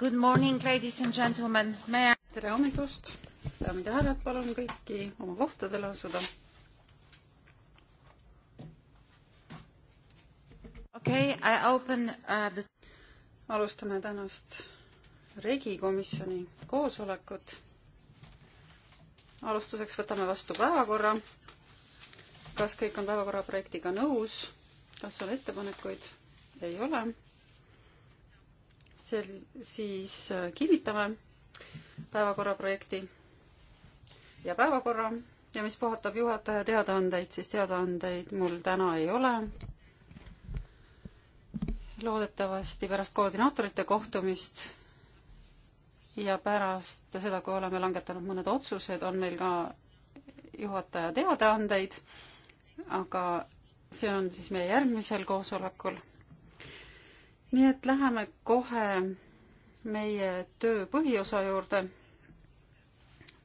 Good morning, ladies and gentlemen. May I... tere hommikust, daamid ja härrad, palun kõiki oma kohtadele asuda. okei okay,, I open uh, the... alustame tänast regikomisjoni koosolekut. alustuseks võtame vastu päevakorra. kas kõik on päevakorra projektiga nõus? kas on ettepanekuid? ei ole sel-, siis äh, kinnitame päevakorra projekti ja päevakorra ja mis puudutab juhataja teadaandeid, siis teadaandeid mul täna ei ole. loodetavasti pärast koordinaatorite kohtumist ja pärast seda, kui oleme langetanud mõned otsused, on meil ka juhataja teadaandeid, aga see on siis meie järgmisel koosolekul nii et läheme kohe meie töö põhiosa juurde.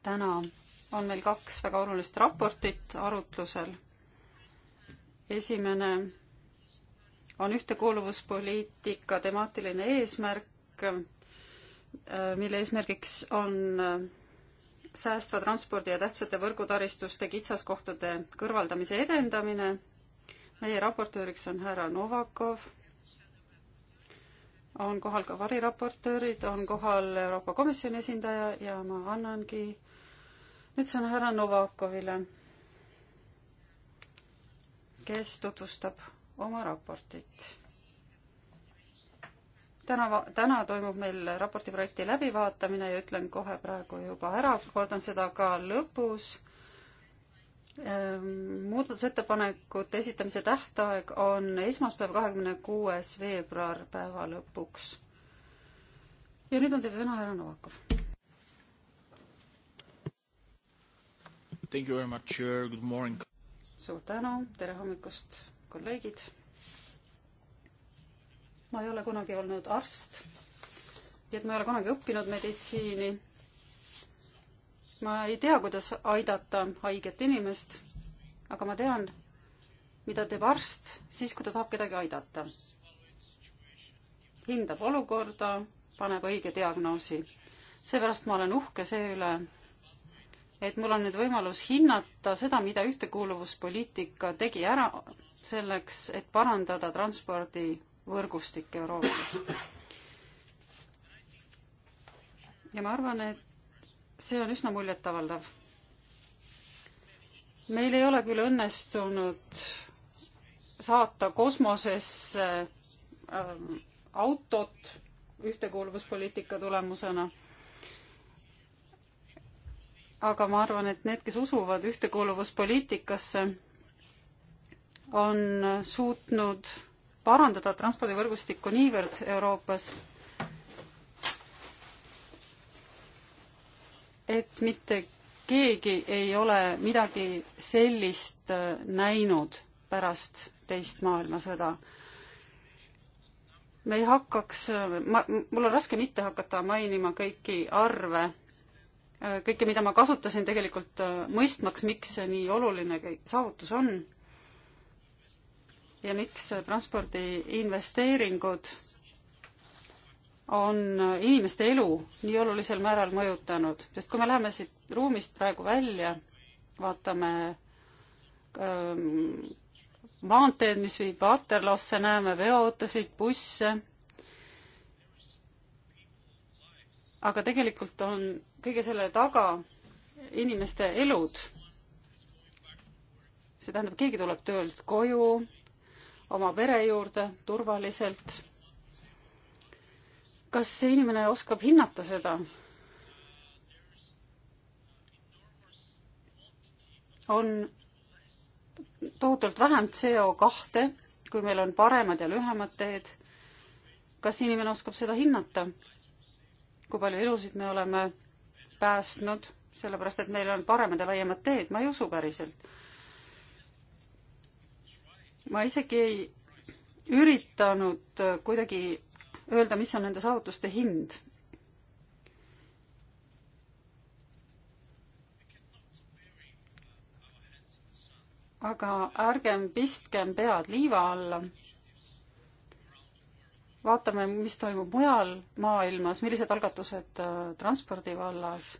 täna on meil kaks väga olulist raportit arutlusel. esimene on ühtekuuluvuspoliitika temaatiline eesmärk, äh, mille eesmärgiks on äh, säästva transpordi ja tähtsate võrgutaristuste kitsaskohtade kõrvaldamise edendamine. meie raportööriks on härra Novakov on kohal ka variraportöörid, on kohal Euroopa Komisjoni esindaja ja ma annangi nüüd sõna härra Novakovile, kes tutvustab oma raportit. täna, täna toimub meil raporti projekti läbivaatamine ja ütlen kohe praegu juba ära, kordan seda ka lõpus Ehm, muudatusettepanekute esitamise tähtaeg on esmaspäev, kahekümne kuues veebruar päeva lõpuks. ja nüüd on teil sõna, härra Novakov. Thank you very much, sir, good morning. suur tänu, tere hommikust, kolleegid. ma ei ole kunagi olnud arst, nii et ma ei ole kunagi õppinud meditsiini ma ei tea, kuidas aidata haiget inimest, aga ma tean, mida teeb arst siis, kui ta tahab kedagi aidata. hindab olukorda, paneb õige diagnoosi. seepärast ma olen uhke see üle, et mul on nüüd võimalus hinnata seda, mida ühtekuuluvuspoliitika tegi ära selleks, et parandada transpordivõrgustik Euroopas. ja ma arvan, et see on üsna muljetavaldav. meil ei ole küll õnnestunud saata kosmosesse ähm, autot ühtekuuluvuspoliitika tulemusena. aga ma arvan, et need, kes usuvad ühtekuuluvuspoliitikasse, on suutnud parandada transpordivõrgustikku niivõrd Euroopas et mitte keegi ei ole midagi sellist äh, näinud pärast teist maailmasõda. me ei hakkaks, äh, ma, mul on raske mitte hakata mainima kõiki arve, äh, kõike, mida ma kasutasin tegelikult mõistmaks, miks see nii oluline saavutus on ja miks transpordi investeeringud on inimeste elu nii olulisel määral mõjutanud, sest kui me läheme siit ruumist praegu välja, vaatame öö, ähm, maanteed, mis viib Waterloosse, näeme veoautosid, busse, aga tegelikult on kõige selle taga inimeste elud. see tähendab, keegi tuleb töölt koju, oma pere juurde turvaliselt kas see inimene oskab hinnata seda? on tohutult vähem CO kahte, kui meil on paremad ja lühemad teed. kas inimene oskab seda hinnata? kui palju elusid me oleme päästnud, sellepärast et meil on paremad ja laiemad teed, ma ei usu päriselt. ma isegi ei üritanud kuidagi öelda, mis on nende saavutuste hind. aga ärgem pistkem pead liiva alla. vaatame, mis toimub mujal maailmas, millised algatused äh, transpordi vallas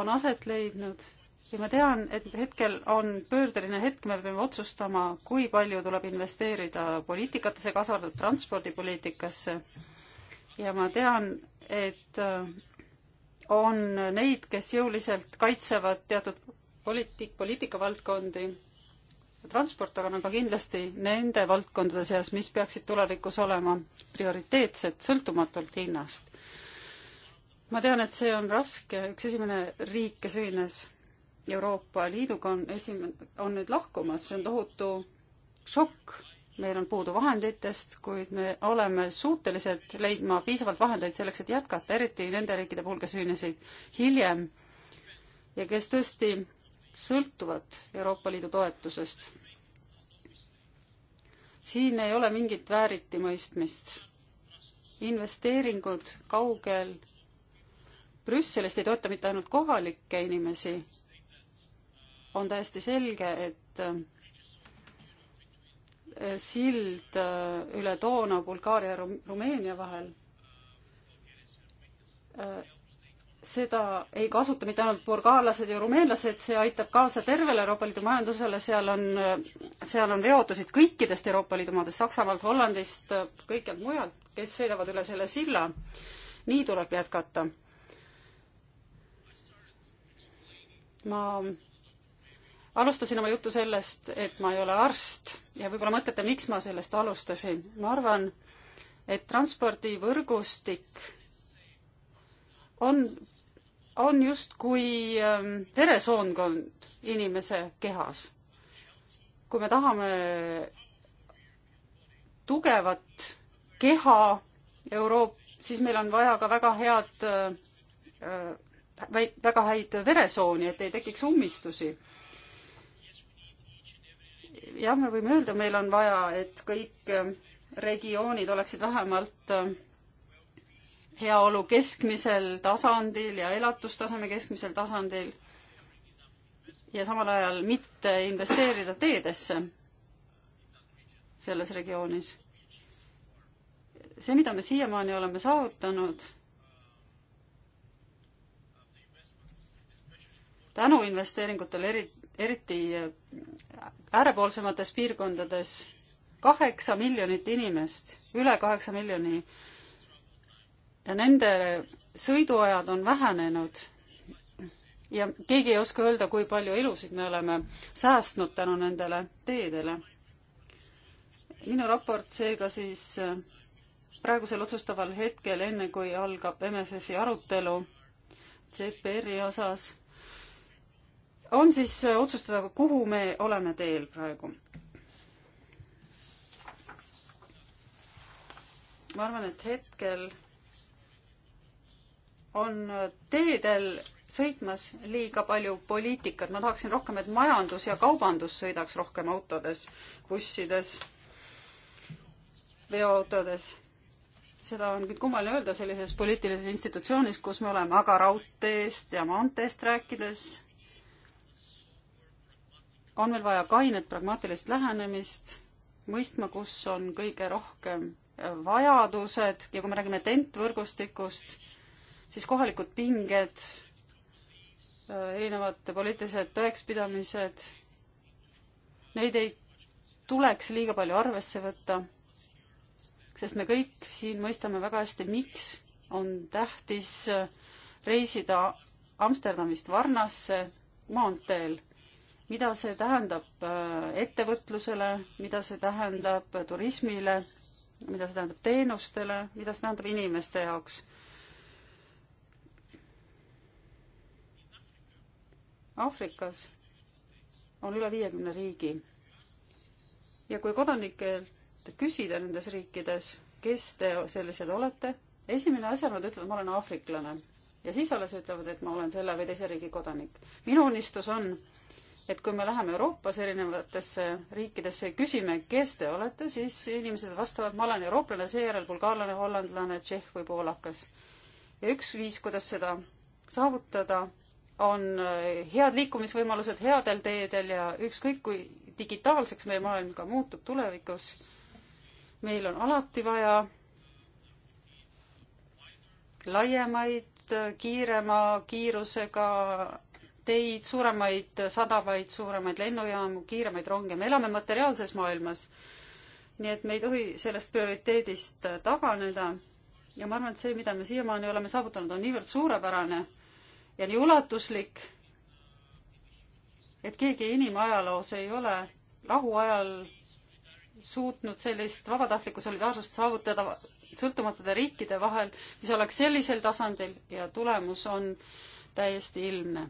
on aset leidnud ja ma tean, et hetkel on pöördeline hetk, me peame otsustama, kui palju tuleb investeerida poliitikatesse, kaasa arvatud transpordipoliitikasse. ja ma tean, et äh, on neid, kes jõuliselt kaitsevad teatud poliitik, poliitikavaldkondi, transport aga on ka kindlasti nende valdkondade seas, mis peaksid tulevikus olema prioriteetsed, sõltumatult hinnast. ma tean, et see on raske, üks esimene riik, kes ühines Euroopa Liiduga on esimene, on nüüd lahkumas, see on tohutu šokk. meil on puudu vahenditest, kuid me oleme suutelised leidma piisavalt vahendeid selleks, et jätkata, eriti nende riikide puhul, kes ühinesid hiljem ja kes tõesti sõltuvad Euroopa Liidu toetusest. siin ei ole mingit vääritimõistmist. investeeringud kaugel Brüsselist ei toeta mitte ainult kohalikke inimesi, on täiesti selge, et äh, sild äh, üle Doona Bulgaaria ja Rumeenia vahel, äh, seda ei kasuta mitte ainult bulgaarlased ja rumeenlased, see aitab kaasa tervele Euroopa Liidu majandusele, seal on, seal on veotusid kõikidest Euroopa Liidu maadest, Saksamaalt, Hollandist, kõikjalt mujalt, kes sõidavad üle selle silla. nii tuleb jätkata ma alustasin oma juttu sellest, et ma ei ole arst ja võib-olla mõtlete, miks ma sellest alustasin. ma arvan, et transpordivõrgustik on, on justkui ähm, veresoonkond inimese kehas. kui me tahame tugevat keha Euroop-, siis meil on vaja ka väga head, äh, äh, väga häid veresooni, et ei tekiks ummistusi jah, me võime öelda, meil on vaja, et kõik äh, regioonid oleksid vähemalt äh, heaolu keskmisel tasandil ja elatustaseme keskmisel tasandil ja samal ajal mitte investeerida teedesse selles regioonis. see, mida me siiamaani oleme saavutanud tänu investeeringutele, eri, eriti äh, äärepoolsemates piirkondades, kaheksa miljonit inimest, üle kaheksa miljoni. ja nende sõiduajad on vähenenud ja keegi ei oska öelda, kui palju elusid me oleme säästnud tänu nendele teedele. minu raport seega siis äh, praegusel otsustaval hetkel, enne kui algab MFF-i arutelu CPR-i osas on siis äh, otsustada, kuhu me oleme teel praegu. ma arvan, et hetkel on äh, teedel sõitmas liiga palju poliitikat, ma tahaksin rohkem, et majandus ja kaubandus sõidaks rohkem autodes, bussides, veoautodes. seda on küll kummaline öelda sellises poliitilises institutsioonis, kus me oleme, aga raudteest ja maanteest rääkides on meil vaja kainet pragmaatilist lähenemist, mõistma, kus on kõige rohkem äh, vajadused ja kui me räägime tentvõrgustikust, siis kohalikud pinged, äh, erinevad poliitilised tõekspidamised, neid ei tuleks liiga palju arvesse võtta, sest me kõik siin mõistame väga hästi, miks on tähtis äh, reisida Amsterdamist Varnasse maanteel mida see tähendab äh, ettevõtlusele, mida see tähendab turismile, mida see tähendab teenustele, mida see tähendab inimeste jaoks. Aafrikas on üle viiekümne riigi ja kui kodanikelt küsida nendes riikides, kes te sellised olete, esimene asjana nad ütlevad, ma olen aafriklane ja siis alles ütlevad, et ma olen selle või teise riigi kodanik. minu unistus on et kui me läheme Euroopas erinevatesse riikidesse ja küsime, kes te olete, siis inimesed vastavad, ma olen eurooplane, seejärel bulgaarlane, hollandlane, tšehh või poolakas. ja üks viis, kuidas seda saavutada, on eh, head liikumisvõimalused headel teedel ja ükskõik kui digitaalseks meie maailm ka muutub tulevikus, meil on alati vaja laiemaid, kiirema kiirusega teid, suuremaid sadavaid, suuremaid lennujaamu, kiiremaid ronge, me elame materiaalses maailmas. nii et me ei tohi sellest prioriteedist taganeda ja ma arvan, et see, mida me siiamaani oleme saavutanud, on niivõrd suurepärane ja nii ulatuslik, et keegi inimajaloos ei ole rahuajal suutnud sellist vabatahtlikku solidaarsust saavutada sõltumatute riikide vahel, mis oleks sellisel tasandil ja tulemus on täiesti ilmne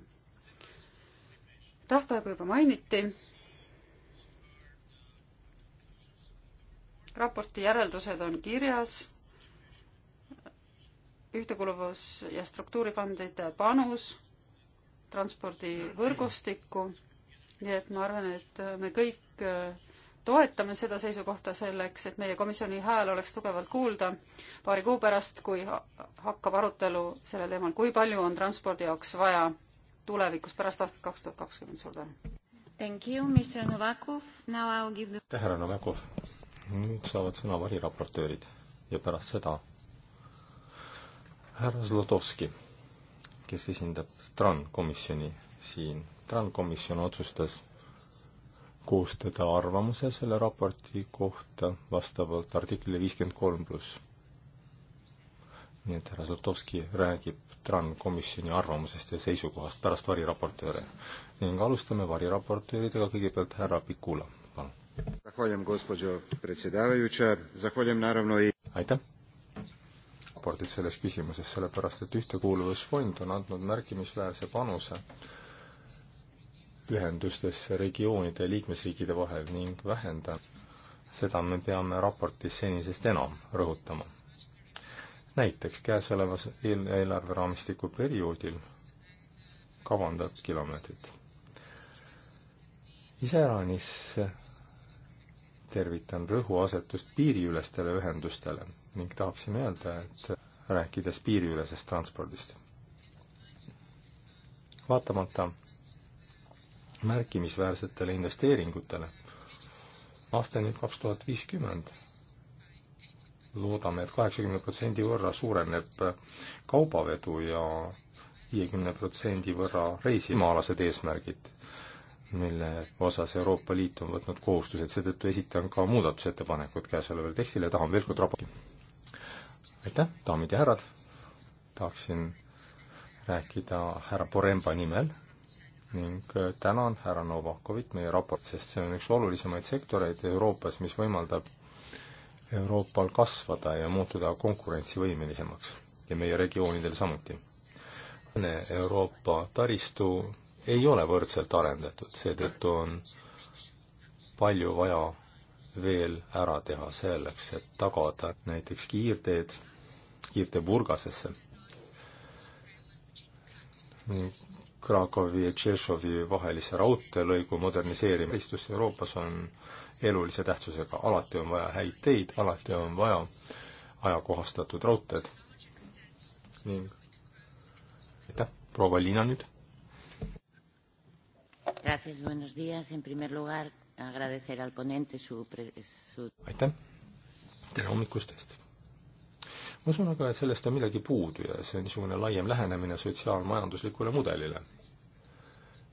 tähtaegu juba mainiti. raporti järeldused on kirjas. ühtekuluvus ja struktuurifondide panus transpordivõrgustikku. nii et ma arvan, et me kõik äh, toetame seda seisukohta selleks, et meie komisjoni hääl oleks tugevalt kuulda paari kuu pärast, kui hakkab arutelu sellel teemal, kui palju on transpordi jaoks vaja tulevikus pärast aastat kaks tuhat kakskümmend, suur tänu. Thank you, Mr Novakov, now I will give the aitäh, härra Novakov. nüüd saavad sõna variraportöörid ja pärast seda härra Zlotovski, kes esindab TRAN komisjoni siin. TRAN komisjon otsustas koostada arvamuse selle raporti kohta vastavalt artiklile viiskümmend kolm pluss nii et härra Zlatovski räägib TRAN komisjoni arvamusest ja seisukohast pärast variraportööre. ning alustame variraportööridega, kõigepealt härra Pikula, palun. aitäh! raportid selles küsimuses, sellepärast et Ühtekuuluvusfond on andnud märkimisväärse panuse ühendustesse regioonide ja liikmesriikide vahel ning vähenda, seda me peame raportis senisest enam rõhutama näiteks käesolevas eel-, eelarveraamistiku perioodil kavandab kilomeetrit. iseäranis tervitan rõhuasetust piiriülestele ühendustele ning tahaksime öelda, et rääkides piiriülesest transpordist. vaatamata märkimisväärsetele investeeringutele aastani kaks tuhat viiskümmend loodame et, et kaheksakümne protsendi võrra suureneb kaubavedu ja viiekümne protsendi võrra reisimaalased eesmärgid, mille osas Euroopa Liit on võtnud kohustused, seetõttu esitan ka muudatusettepanekud käesolevale tekstile ja tahan veel kord raporti. aitäh, daamid ja härrad, tahaksin rääkida härra Poremba nimel, ning tänan härra Novakovit meie raport, sest see on üks olulisemaid sektoreid Euroopas, mis võimaldab Euroopal kasvada ja muutuda konkurentsivõimelisemaks ja meie regioonidel samuti. Euroopa taristu ei ole võrdselt arendatud, seetõttu on palju vaja veel ära teha selleks, et tagada näiteks kiirteed, kiirtee Burgasesse, Krakowi ja Tšešovi vahelise raudteelõigu moderniseerimine Kristus Euroopas on elulise tähtsusega, alati on vaja häid teid, alati on vaja ajakohastatud raudteed ning aitäh, proua Liina nüüd. aitäh, tere hommikust teist! ma usun aga, et sellest on midagi puudu ja see on niisugune laiem lähenemine sotsiaalmajanduslikule mudelile,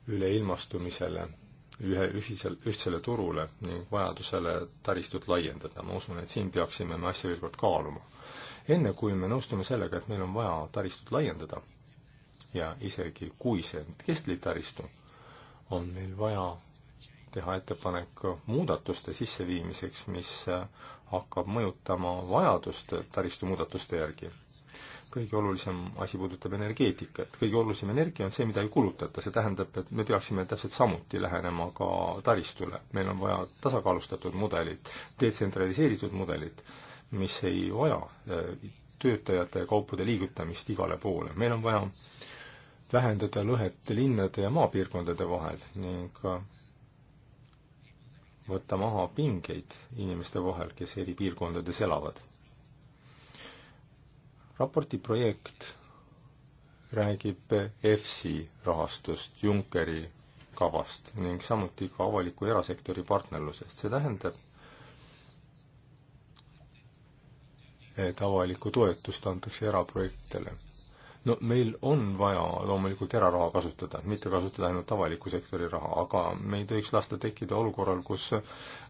üleilmastumisele ühe ühisel, ühtsele turule ning vajadusele taristut laiendada. ma usun, et siin peaksime me asja veel kord kaaluma. enne, kui me nõustume sellega, et meil on vaja taristut laiendada ja isegi kui see on kestlik taristu, on meil vaja teha ettepanek muudatuste sisseviimiseks, mis hakkab mõjutama vajadust taristumuudatuste järgi kõige olulisem asi puudutab energeetikat. kõige olulisem energia on see, mida ei kulutata, see tähendab, et me peaksime täpselt samuti lähenema ka taristule. meil on vaja tasakaalustatud mudelit, detsentraliseeritud mudelit, mis ei vaja äh, töötajate ja kaupade liigutamist igale poole. meil on vaja vähendada lõhet linnade ja maapiirkondade vahel ning äh, võtta maha pingeid inimeste vahel, kes eri piirkondades elavad raporti projekt räägib EFSI rahastust, Junckeri kavast ning samuti ka avaliku erasektori partnerlusest, see tähendab, et avalikku toetust antakse eraprojektidele. no meil on vaja loomulikult eraraha kasutada, mitte kasutada ainult avaliku sektori raha, aga me ei tohiks lasta tekkida olukorral, kus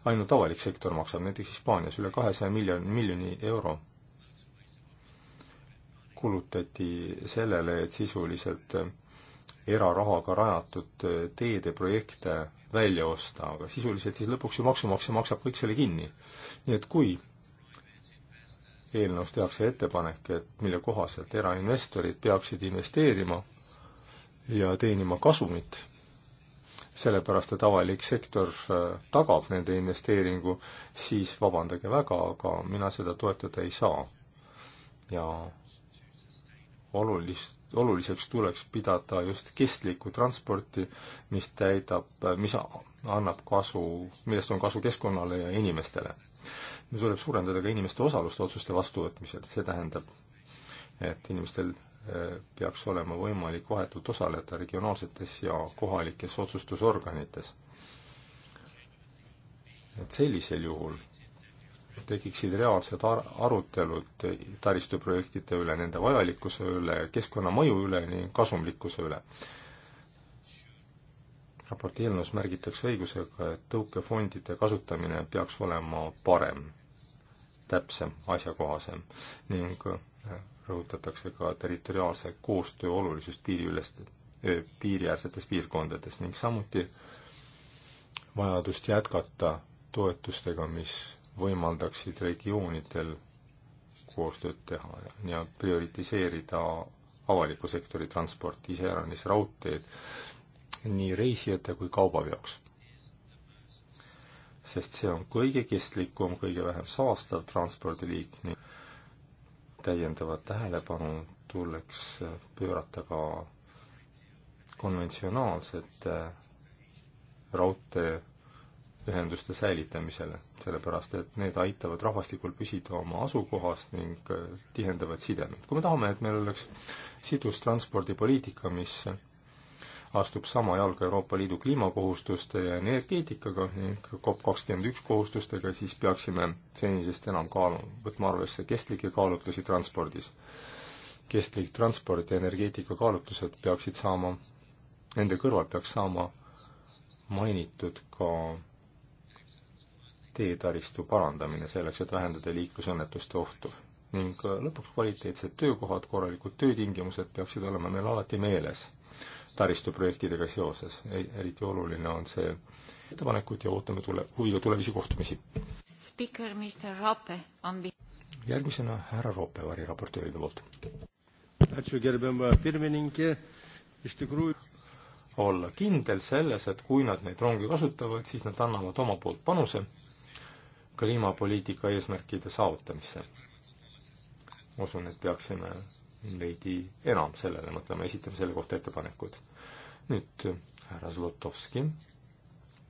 ainult avalik sektor maksab, näiteks Hispaanias üle kahesaja miljon, miljoni euro kulutati sellele, et sisuliselt erarahaga rajatud teede projekte välja osta, aga sisuliselt siis lõpuks ju maksumaksja maksab kõik selle kinni. nii et kui eelnõus tehakse ettepanek, et mille kohaselt erainvestorid peaksid investeerima ja teenima kasumit, sellepärast et avalik sektor äh, tagab nende investeeringu, siis vabandage väga, aga mina seda toetada ei saa. ja olulist, oluliseks tuleks pidada just kestlikku transporti, mis täidab, mis annab kasu, millest on kasu keskkonnale ja inimestele. meil tuleb suurendada ka inimeste osalust otsuste vastuvõtmisel, see tähendab, et inimestel eh, peaks olema võimalik vahetult osaleda regionaalsetes ja kohalikes otsustusorganites. et sellisel juhul tekiksid reaalsed ar-, arutelud taristuprojektide üle, nende vajalikkuse üle, keskkonnamõju üle ning kasumlikkuse üle. raporti eelnõus märgitakse õigusega, et tõukefondide kasutamine peaks olema parem, täpsem, asjakohasem ning äh, rõhutatakse ka territoriaalse koostöö olulisust piiriülest, piiriäärsetes piirkondades ning samuti vajadust jätkata toetustega, mis võimaldaksid regioonidel koostööd teha ja prioritiseerida avaliku sektori transporti, iseäranis raudteed, nii reisijate kui kaubaveoks. sest see on kõige kestlikum, kõige vähem saastav transpordiliik, nii täiendavat tähelepanu tuleks pöörata ka konventsionaalsete raudtee ühenduste säilitamisele, sellepärast et need aitavad rahvastikul püsida oma asukohas ning äh, tihendavad sidemeid. kui me tahame, et meil oleks sidus transpordipoliitika, mis astub sama jalga Euroopa Liidu kliimakohustuste ja energeetikaga ning COP kakskümmend üks kohustustega, siis peaksime senisest enam kaalu, võtma arvesse kestlikke kaalutlusi transpordis. kestlik transport ja energeetika kaalutlused peaksid saama, nende kõrval peaks saama mainitud ka teetaristu parandamine selleks, et vähendada liiklusõnnetuste ohtu. ning lõpuks kvaliteetsed töökohad, korralikud töötingimused peaksid olema meil alati meeles taristuprojektidega seoses. eriti oluline on see ettepanekut ja ootame tule, huviga tulevisi kohtumisi. Speaker Mr Rope on järgmisena härra Rope variraportööride poolt olla kindel selles, et kui nad neid ronge kasutavad, siis nad annavad oma poolt panuse kliimapoliitika eesmärkide saavutamisse. usun, et peaksime veidi enam sellele mõtlema, esitame selle kohta ettepanekud. nüüd härra Zlotovski,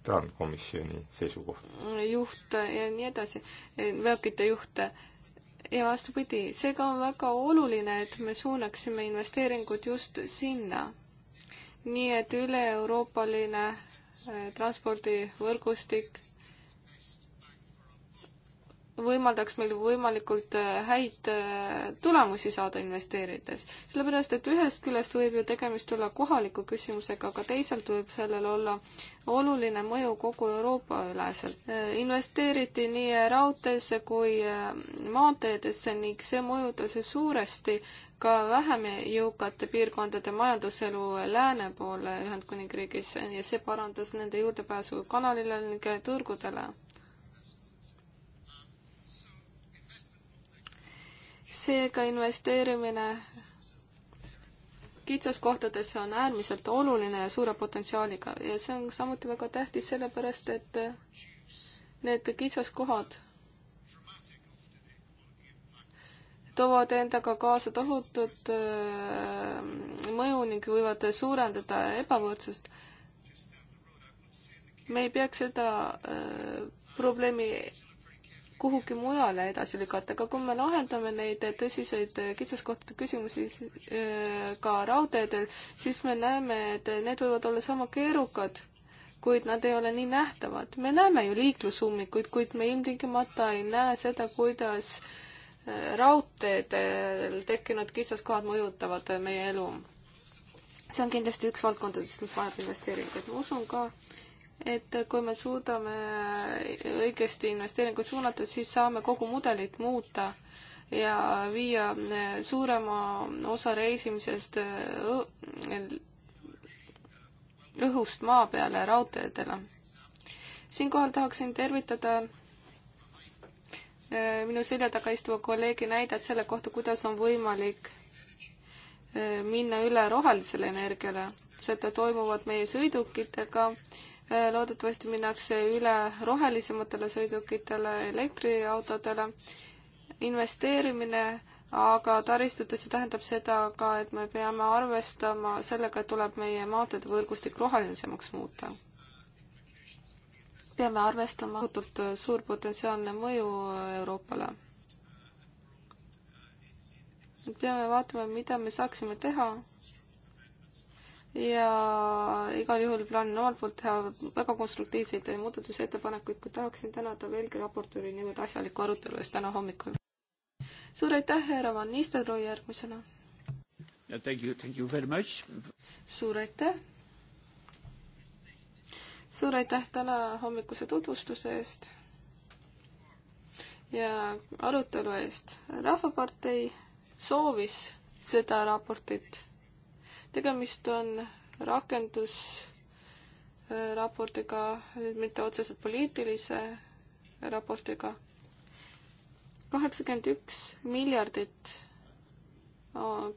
TRAN komisjoni seisukoht. juht ja nii edasi, veokite juhte ja vastupidi, seega on väga oluline, et me suunaksime investeeringud just sinna nii et üle-euroopaline eh, transpordivõrgustik võimaldaks meil võimalikult eh, häid eh, tulemusi saada investeerides. sellepärast, et ühest küljest võib ju tegemist olla kohaliku küsimusega, aga teisalt võib sellel olla oluline mõju kogu Euroopa üleselt. investeeriti nii raudteesse kui maanteedesse ning see mõjutas suuresti ka vähem jõukate piirkondade majanduselu lääne poole Ühendkuningriigis ja see parandas nende juurdepääsu kanalile ning turgudele. seega investeerimine kitsaskohtadesse on äärmiselt oluline ja suure potentsiaaliga ja see on samuti väga tähtis sellepärast, et need kitsaskohad toovad endaga kaasa tohutut äh, mõju ning võivad suurendada ebavõrdsust. me ei peaks seda äh, probleemi kuhugi mujale edasi lükata, aga kui me lahendame neid tõsiseid kitsaskohtade küsimusi äh, ka raudteedel, siis me näeme, et need võivad olla sama keerukad, kuid nad ei ole nii nähtavad. me näeme ju liiklusummikuid, kuid me ilmtingimata ei näe seda, kuidas äh, raudteedel tekkinud kitsaskohad mõjutavad meie elu. see on kindlasti üks valdkondadest, mis vajab investeeringuid. ma usun ka, et kui me suudame õigesti investeeringuid suunata, siis saame kogu mudelit muuta ja viia suurema osa reisimisest õhust maa peale raudteedele. siinkohal tahaksin tervitada Äh, minu selja taga istuva kolleegi näidet selle kohta, kuidas on võimalik äh, minna üle rohelisele energiale. seda toimuvad meie sõidukitega, äh, loodetavasti minnakse üle rohelisematele sõidukitele, elektriautodele. investeerimine aga taristutesse tähendab seda ka, et me peame arvestama sellega, et tuleb meie maanteede võrgustik rohelisemaks muuta peame arvestama tohutult suur potentsiaalne mõju Euroopale. peame vaatama, mida me saaksime teha. ja igal juhul plaanin omalt poolt teha väga konstruktiivseid muudatusettepanekuid, kui tahaksin tänada veelgi raportööri niivõrd asjaliku arutelu eest täna hommikul. suur aitäh, härra Van Nistelrooy, järgmisena. Thank you, thank you very much. suur aitäh suur aitäh täna hommikuse tutvustuse eest ja arutelu eest. rahvapartei soovis seda raportit. tegemist on rakendusraportiga, mitte otseselt poliitilise raportiga. kaheksakümmend üks miljardit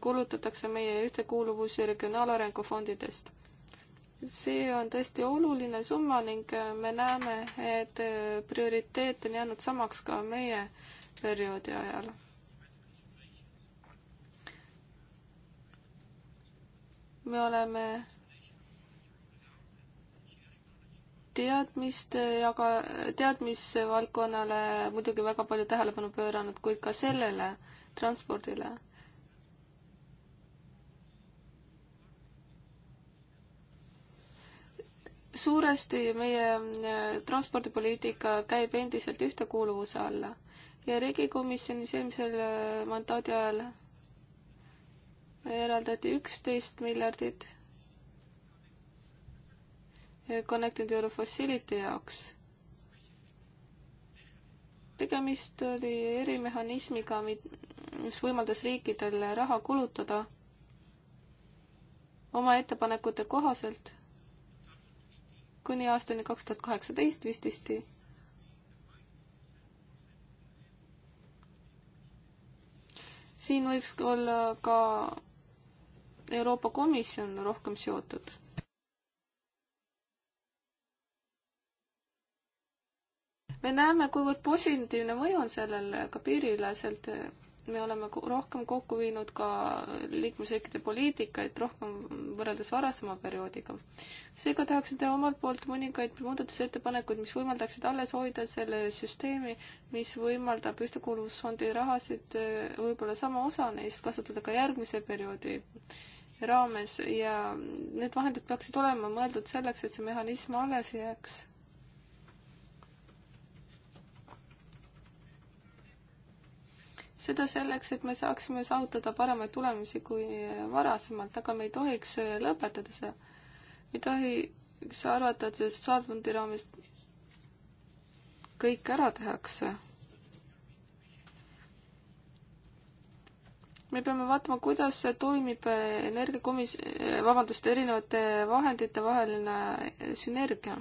kulutatakse meie ühtekuuluvus- ja regionaalarengu fondidest see on tõesti oluline summa ning äh, me näeme, et äh, prioriteet on jäänud samaks ka meie perioodi ajal. me oleme teadmiste jaga, teadmisvaldkonnale muidugi väga palju tähelepanu pööranud, kuid ka sellele transpordile suuresti meie äh, transpordipoliitika käib endiselt ühtekuuluvuse alla ja riigikomisjonis eelmisel äh, mandaadi ajal eraldati üksteist miljardit äh, Connected Euro Facility jaoks. tegemist oli erimehhanismiga, mis võimaldas riikidel raha kulutada oma ettepanekute kohaselt kuni aastani kaks tuhat kaheksateist vististi. siin võiks olla ka Euroopa Komisjon rohkem seotud me näeme, kuivõrd positiivne mõju on sellel ka piiriüleselt me oleme rohkem kokku viinud ka liikmesriikide poliitikaid rohkem võrreldes varasema perioodiga. seega tahaksin teha omalt poolt mõningaid muudatusettepanekuid, mis võimaldaksid alles hoida selle süsteemi, mis võimaldab ühtekuuluvusfondi rahasid, eh, võib-olla sama osa neist kasutada ka järgmise perioodi raames ja need vahendid peaksid olema mõeldud selleks, et see mehhanism alles jääks seda selleks, et me saaksime saavutada paremaid tulemusi kui varasemalt, aga me ei tohiks lõpetada seda. ei tohiks arvata, et sotsiaalfondi raames kõik ära tehakse. me peame vaatama, kuidas toimib energiakomis-, vabandust, erinevate vahendite vaheline sünergia.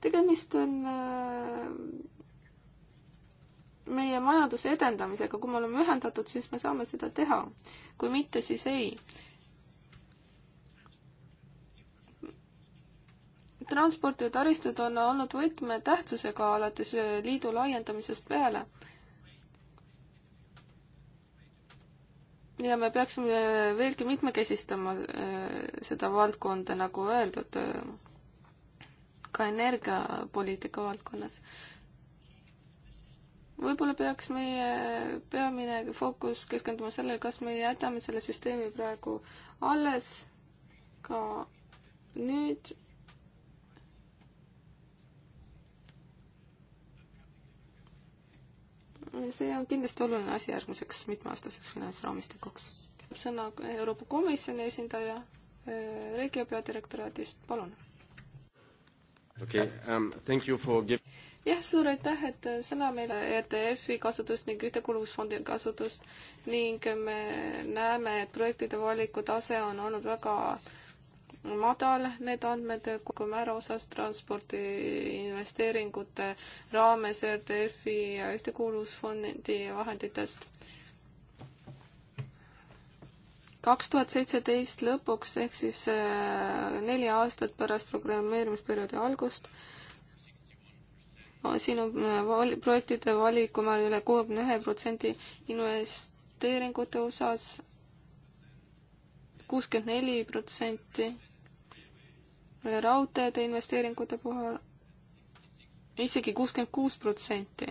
tegemist on äh, meie majanduse edendamisega, kui me oleme ühendatud, siis me saame seda teha. kui mitte, siis ei. transport ja taristud on olnud võtmetähtsusega alates liidu laiendamisest peale. ja me peaksime veelgi mitmekesistama eh, seda valdkonda, nagu öeldud, eh, ka energiapoliitika valdkonnas võib-olla peaks meie peamine fookus keskenduma sellele, kas me jätame selle süsteemi praegu alles ka nüüd see on kindlasti oluline asi järgmiseks mitmeaastaseks finantsraamistikuks. sõna Euroopa Komisjoni esindaja eh, Regio peadirektoraadist, palun. okei okay, um,, thank you for give- jah, suur aitäh, et sõna meile ETF-i kasutust ning ühtekuuluvusfondi kasutust ning me näeme, et projektide valiku tase on olnud väga madal, need andmed kogu määra osas transpordi investeeringute raames ETF-i ja ühtekuuluvusfondi vahenditest. kaks tuhat seitseteist lõpuks ehk siis äh, neli aastat pärast programmeerimisperioodi algust äh, siin on äh, vali, projektide valikumäär üle kuuekümne ühe protsendi investeeringute osas, kuuskümmend neli protsenti raudteede investeeringute puhul, isegi kuuskümmend kuus protsenti.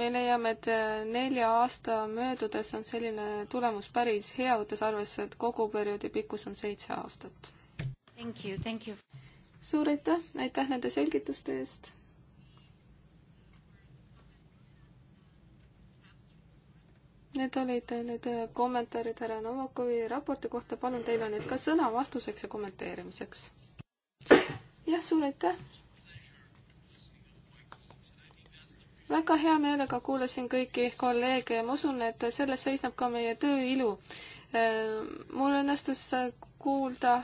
me leiame, et äh, nelja aasta möödudes on selline tulemus päris hea, võttes arvesse, et kogu perioodi pikkus on seitse aastat. Thank you, thank you suur aitäh, aitäh nende selgituste eest. Need olid need kommentaarid härra Novakovi raporti kohta, palun, teil on nüüd ka sõna vastuseks ja kommenteerimiseks. jah, suur aitäh. väga hea meelega kuulasin kõiki kolleege ja ma usun, et selles seisneb ka meie töö ilu. Ehm, mul õnnestus kuulda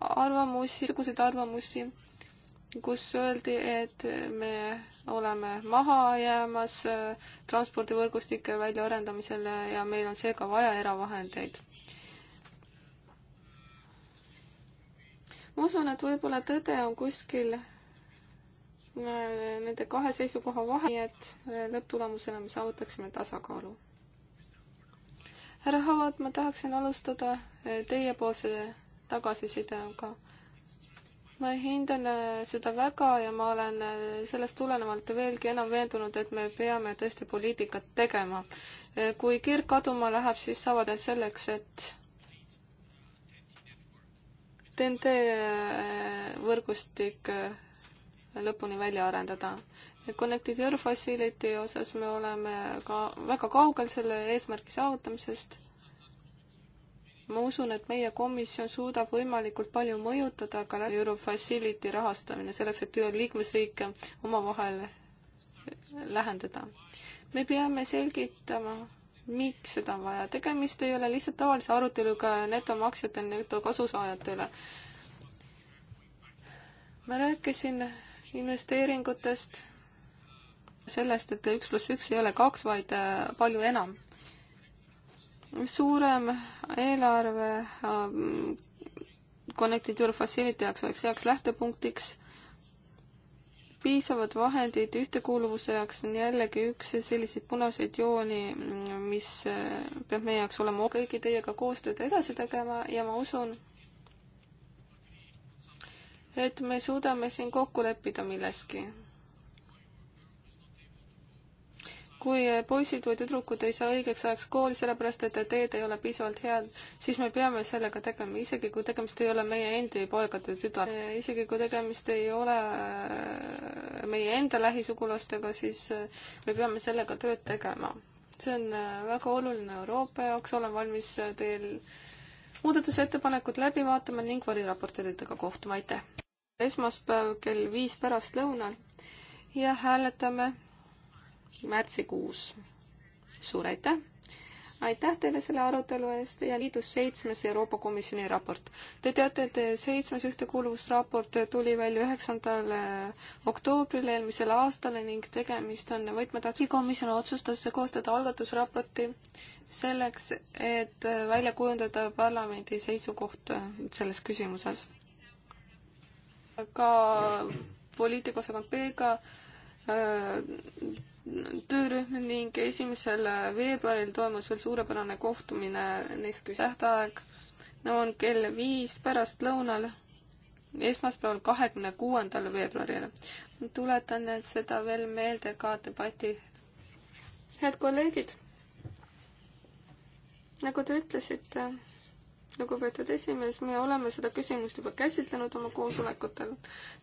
arvamusi, suguseid arvamusi, kus öeldi, et me oleme maha jäämas äh, transpordivõrgustike väljaarendamisel ja meil on seega vaja eravahendeid ma usun, et võib-olla tõde on kuskil äh, nende kahe seisukoha vahel, nii et äh, lõpptulemusena me saavutaksime tasakaalu. härra Havad, ma tahaksin alustada teiepoolse tagasiside on ka. ma hindan äh, seda väga ja ma olen äh, sellest tulenevalt veelgi enam veendunud, et me peame tõesti poliitikat tegema. Äh, kui kirg kaduma läheb, siis saavad need selleks, et TNT võrgustik lõpuni välja arendada. Connected Your Facility osas me oleme ka väga kaugel selle eesmärgi saavutamisest ma usun, et meie komisjon suudab võimalikult palju mõjutada ka Eurofacility rahastamine, selleks et liikmesriike omavahel lähendada. me peame selgitama, miks seda on vaja, tegemist ei ole lihtsalt tavalise aruteluga netomaksjate, netokasusaajate üle. ma rääkisin investeeringutest, sellest, et üks pluss üks ei ole kaks, vaid eh, palju enam suurem eelarve äh, Connected Your Facility jaoks oleks heaks lähtepunktiks. piisavad vahendid ühtekuuluvuse jaoks on jällegi üks selliseid punaseid jooni, mis äh, peab meie jaoks olema kõigi teiega koostööd edasi tegema ja ma usun, et me suudame siin kokku leppida milleski kui poisid või tüdrukud ei saa õigeks ajaks kooli, sellepärast et teed ei ole piisavalt head, siis me peame sellega tegema, isegi kui tegemist ei ole meie endi poegade tütar, isegi kui tegemist ei ole äh, meie enda lähisugulastega, siis äh, me peame sellega tööd tegema. see on äh, väga oluline Euroopa jaoks, olen valmis teil muudatusettepanekud läbi vaatama ning variraportööridega kohtuma, aitäh! esmaspäev kell viis pärastlõunal ja hääletame märtsikuus. suur aitäh! aitäh teile selle arutelu eest ja liidus seitsmes Euroopa Komisjoni raport. Te teate, et seitsmes ühtekuuluvusraport tuli välja üheksandal eh, oktoobril eelmisel aastal ning tegemist on võtmetähtsusega. komisjon otsustas koostada algatusraporti selleks, et eh, välja kujundada parlamendi seisukoht eh, selles küsimuses. ka poliitikaosakond B-ga Äh, töörühm ning esimesel veebruaril toimus veel suurepärane kohtumine, näiteks kui tähtaeg no, on kell viis pärastlõunal, esmaspäeval, kahekümne kuuendal veebruaril. tuletan seda veel meelde ka debati. head kolleegid, nagu te ütlesite, lugupeetud esimees, me oleme seda küsimust juba käsitlenud oma koosolekutel.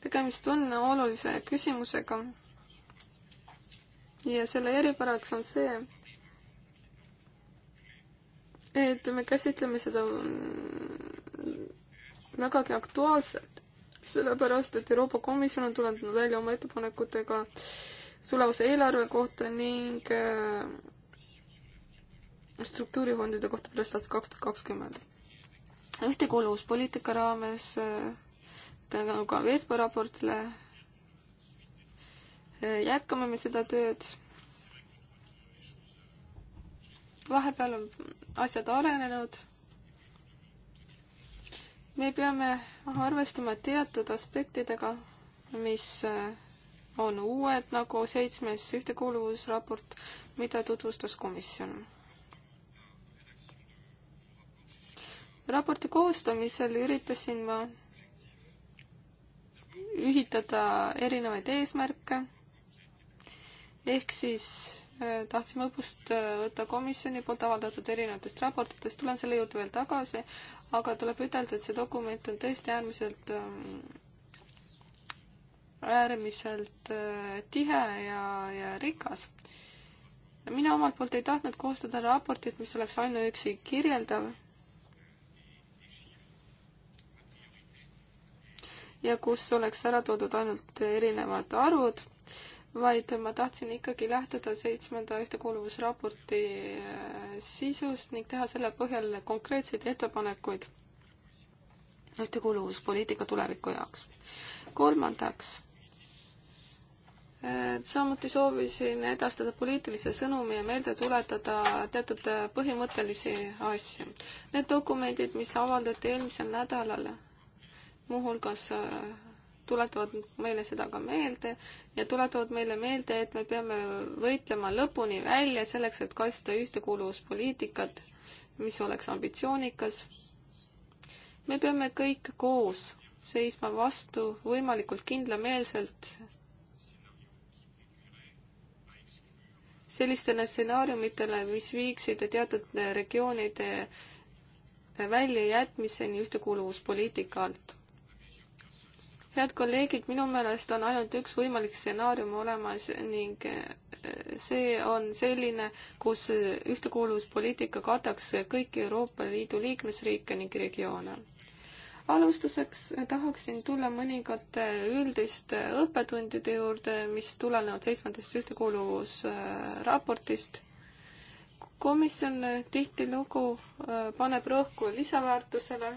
tegemist on olulise küsimusega ja selle eripäraks on see, et me käsitleme seda mm, vägagi aktuaalselt, sellepärast et Euroopa Komisjon on tulnud välja oma ettepanekutega tulevase eelarve kohta ning äh, struktuurifondide kohta pärast aastat kaks tuhat kakskümmend. ühtekuuluvuspoliitika raames äh, tänu ka Veespa raportile jätkame me seda tööd. vahepeal on asjad arenenud. me peame arvestama teatud aspektidega, mis äh, on uued, nagu seitsmes ühtekuuluvusraport, mida tutvustas komisjon. raporti koostamisel üritasin ma ühitada erinevaid eesmärke ehk siis äh, tahtsime õppust äh, võtta komisjoni poolt avaldatud erinevatest raportitest, tulen selle juurde veel tagasi, aga tuleb ütelda, et see dokument on tõesti äärmiselt, ähm, äärmiselt äh, tihe ja, ja rikas. mina omalt poolt ei tahtnud koostada raportit, mis oleks ainuüksi kirjeldav, ja kus oleks ära toodud ainult erinevad arvud, vaid ma tahtsin ikkagi lähtuda seitsmenda ühtekuuluvusraporti äh, sisust ning teha selle põhjal konkreetseid ettepanekuid ühtekuuluvuspoliitika tuleviku jaoks. kolmandaks, äh, samuti soovisin edastada poliitilise sõnumi ja meelde tuletada teatud põhimõttelisi asju. Need dokumendid, mis avaldati eelmisel nädalal, muuhulgas äh, tuletavad meile seda ka meelde ja tuletavad meile meelde, et me peame võitlema lõpuni välja selleks, et kaitsta ühtekuuluvuspoliitikat, mis oleks ambitsioonikas. me peame kõik koos seisma vastu võimalikult kindlameelselt sellistele stsenaariumitele, mis viiksid teatud regioonide väljajätmiseni ühtekuuluvuspoliitika alt head kolleegid, minu meelest on ainult üks võimalik stsenaarium olemas ning eh, see on selline, kus ühtekuuluvuspoliitika kataks kõiki Euroopa Liidu liikmesriike ning regioone. alustuseks tahaksin tulla mõningate üldiste õppetundide juurde, mis tulenevad seitsmendast ühtekuuluvusraportist. komisjon tihtilugu eh, paneb rõhku lisaväärtusele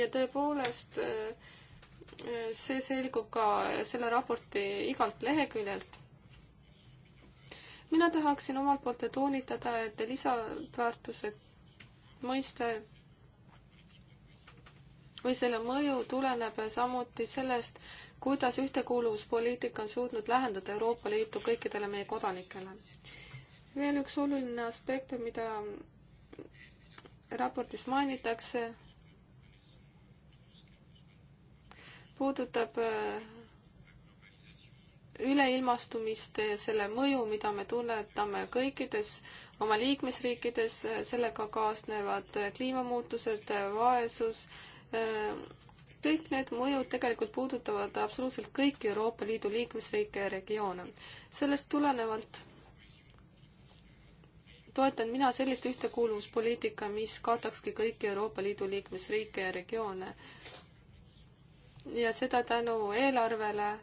ja tõepoolest äh, see selgub ka selle raporti igalt leheküljelt. mina tahaksin omalt poolt toonitada, et lisaväärtuse mõiste või selle mõju tuleneb samuti sellest, kuidas ühtekuuluvuspoliitika on suutnud lähendada Euroopa Liitu kõikidele meie kodanikele. veel üks oluline aspekt, mida raportis mainitakse, puudutab äh, üleilmastumist ja äh, selle mõju, mida me tunnetame kõikides oma liikmesriikides, äh, sellega kaasnevad kliimamuutused, vaesus, kõik need mõjud tegelikult puudutavad absoluutselt kõiki Euroopa Liidu liikmesriike ja regioone. sellest tulenevalt toetan mina sellist ühtekuuluvuspoliitika, mis kaotakski kõiki Euroopa Liidu liikmesriike ja regioone ja seda tänu eelarvele,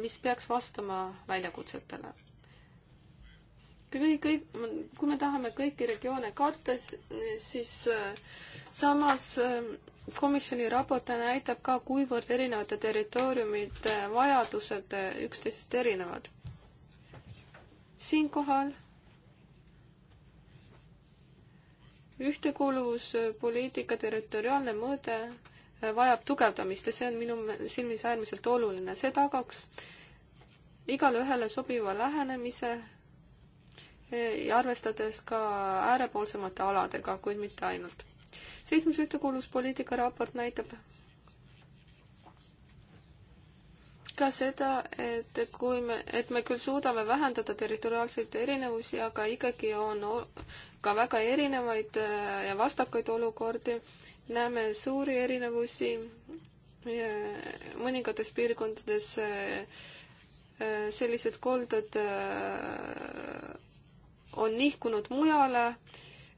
mis peaks vastama väljakutsetele. kui kõik, kui me tahame kõiki regioone kaarta, siis samas komisjoni raport näitab ka, kuivõrd erinevate territooriumite vajadused üksteisest erinevad. siinkohal ühtekuuluvuspoliitika territoriaalne mõõde vajab tugevdamist ja see on minu silmis äärmiselt oluline. see tagaks igale ühele sobiva lähenemise e, ja arvestades ka äärepoolsemate aladega, kuid mitte ainult. seitsmes ühtekuuluvuspoliitika raport näitab ka seda, et kui me, et me küll suudame vähendada territoriaalseid erinevusi, aga ikkagi on ka väga erinevaid e, ja vastakaid olukordi näeme suuri erinevusi mõningates piirkondades äh, äh, sellised kolded äh, on nihkunud mujale,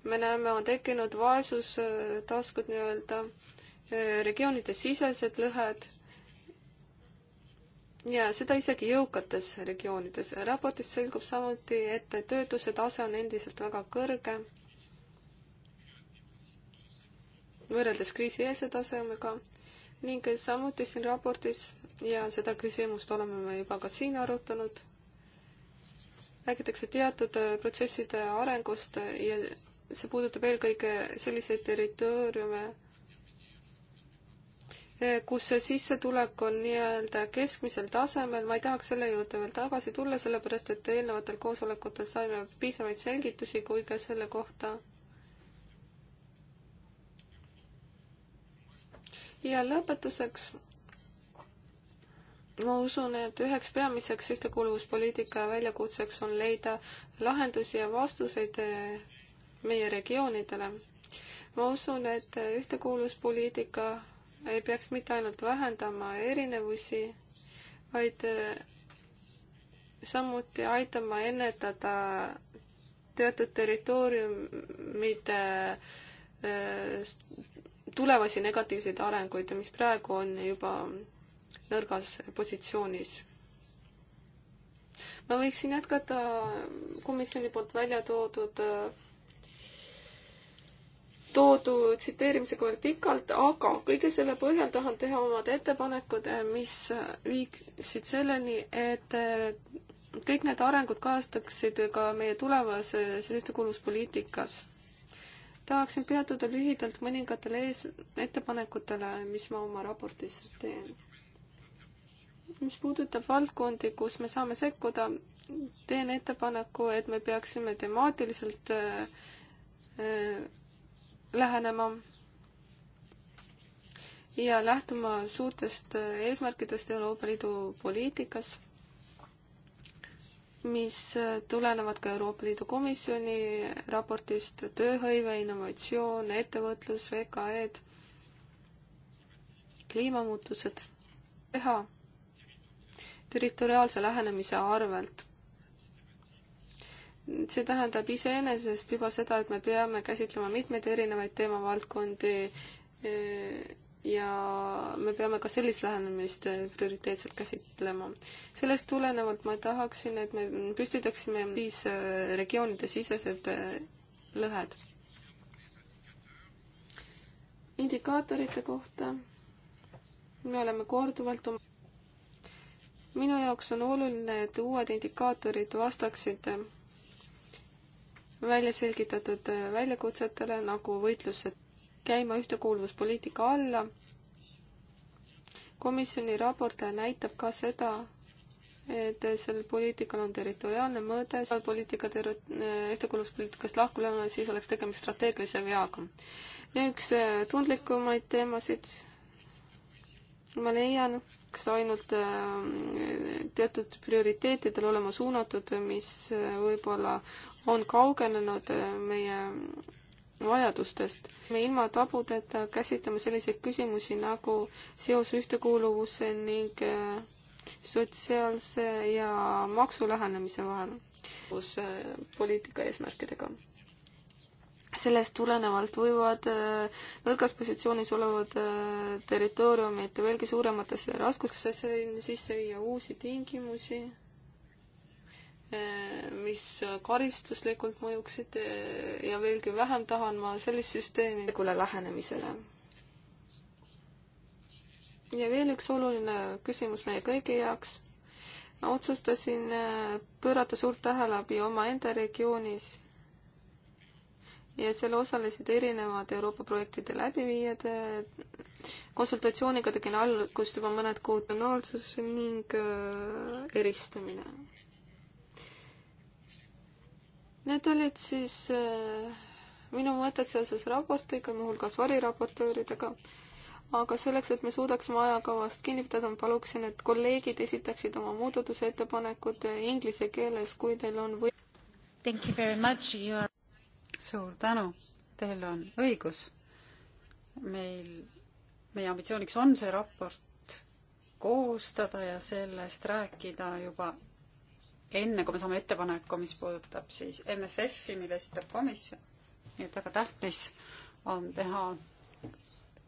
me näeme, on tekkinud vaesustaskud nii-öelda, regioonide sisesed lõhed ja seda isegi jõukates regioonides. raportist selgub samuti, et töötuse tase on endiselt väga kõrge võrreldes kriisieelse tasemega ning samuti siin raportis ja seda küsimust oleme me juba ka siin arutanud, räägitakse teatud äh, protsesside arengust ja see puudutab eelkõige selliseid territooriume, äh, kus see sissetulek on nii-öelda keskmisel tasemel, ma ei tahaks selle juurde veel tagasi tulla, sellepärast et eelnevatel koosolekutel saime piisavaid selgitusi kui ka selle kohta, ja lõpetuseks ma usun, et üheks peamiseks ühtekuuluvuspoliitika väljakutseks on leida lahendusi ja vastuseid eh, meie regioonidele. ma usun, et ühtekuuluvuspoliitika ei peaks mitte ainult vähendama erinevusi, vaid eh, samuti aitama ennetada teatud territooriumide eh, tulevasi negatiivseid arenguid, mis praegu on juba nõrgas positsioonis. ma võiksin jätkata komisjoni poolt välja toodud, toodu tsiteerimisega veel pikalt, aga kõige selle põhjal tahan teha omad ettepanekud, mis viiksid selleni, et kõik need arengud kajastaksid ka meie tulevases ühtekuuluvuspoliitikas tahaksin peatuda lühidalt mõningatele ees, ettepanekutele, mis ma oma raportis teen. mis puudutab valdkondi, kus me saame sekkuda, teen ettepaneku, et me peaksime temaatiliselt äh, äh lähenema ja lähtuma suurtest äh, eesmärkidest Euroopa Liidu poliitikas mis tulenevad ka Euroopa Liidu Komisjoni raportist Tööhõive, innovatsioon, ettevõtlus, VKE-d, kliimamuutused, teha territoriaalse lähenemise arvelt. see tähendab iseenesest juba seda, et me peame käsitlema mitmeid erinevaid teemavaldkondi, ja me peame ka sellist lähenemist äh, prioriteetselt käsitlema. sellest tulenevalt ma tahaksin, et me püstitaksime siis äh, regioonide sisesed äh, lõhed. indikaatorite kohta me oleme korduvalt oma minu jaoks on oluline, et uued indikaatorid vastaksid välja selgitatud väljakutsetele nagu võitlused käima ühtekuuluvuspoliitika alla. komisjoni raport näitab ka seda, et sellel poliitikal on territoriaalne mõõde, seal poliitika ter-, äh, ühtekuuluvuspoliitikast lahku lööma, siis oleks tegemist strateegilise veaga. ja üks äh, tundlikumaid teemasid, ma leian, peaks ainult äh, teatud prioriteetidel olema suunatud, mis võib-olla on kaugenenud meie vajadustest. me ilma tabudeta käsitleme selliseid küsimusi nagu seos ühtekuuluvuse ning äh, sotsiaalse ja maksulähenemise vahel koos äh, poliitika eesmärkidega. sellest tulenevalt võivad äh, nõrgas positsioonis olevad territooriumid veelgi suurematesse raskustesse sisse viia uusi tingimusi mis karistuslikult mõjuksid eh, ja veelgi vähem tahan ma sellist süsteemi kule lähenemisele. ja veel üks oluline küsimus meie kõigi jaoks. otsustasin eh, pöörata suurt tähelepanu omaenda regioonis ja seal osalesid erinevad Euroopa projektide läbiviijad. konsultatsiooniga tegin algust juba mõned kuud, ning eh, eristamine Need olid siis äh, minu mõtted seoses raportiga, muuhulgas variraportööridega, aga selleks, et me suudaksime ajakavast kinni pidada, ma paluksin, et kolleegid esitaksid oma muudatusettepanekud inglise keeles, kui teil on või-. Are... suur tänu, teil on õigus. meil, meie ambitsiooniks on see raport koostada ja sellest rääkida juba enne, kui me saame ettepaneku, mis puudutab siis MFF-i, mille esitab komisjon. nii et väga tähtis on teha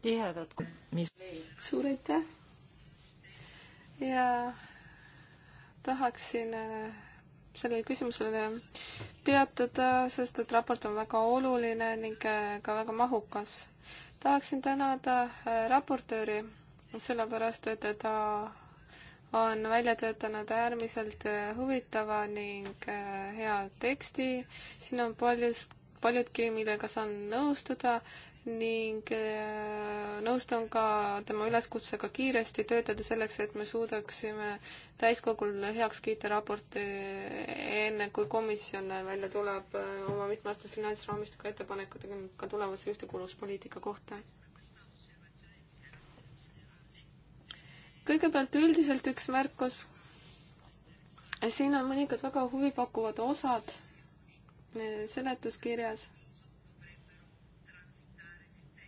tihedat mis.... suur aitäh! ja tahaksin äh, sellele küsimusele peatuda, sest et raport on väga oluline ning äh, ka väga mahukas. tahaksin tänada äh, raportööri, sellepärast et ta on välja töötanud äärmiselt äh, huvitava ning äh, hea teksti. siin on paljust, paljudki, millega saan nõustuda ning äh, nõustun ka tema üleskutsega kiiresti töötada selleks, et me suudaksime täiskogul heaks kiita raporti enne, kui komisjon välja tuleb oma mitmeaastase finantsraamistiku ettepanekutega ka tulevase ühtekuuluvuspoliitika kohta. kõigepealt üldiselt üks märkus. siin on mõningad väga huvipakkuvad osad eh, seletuskirjas,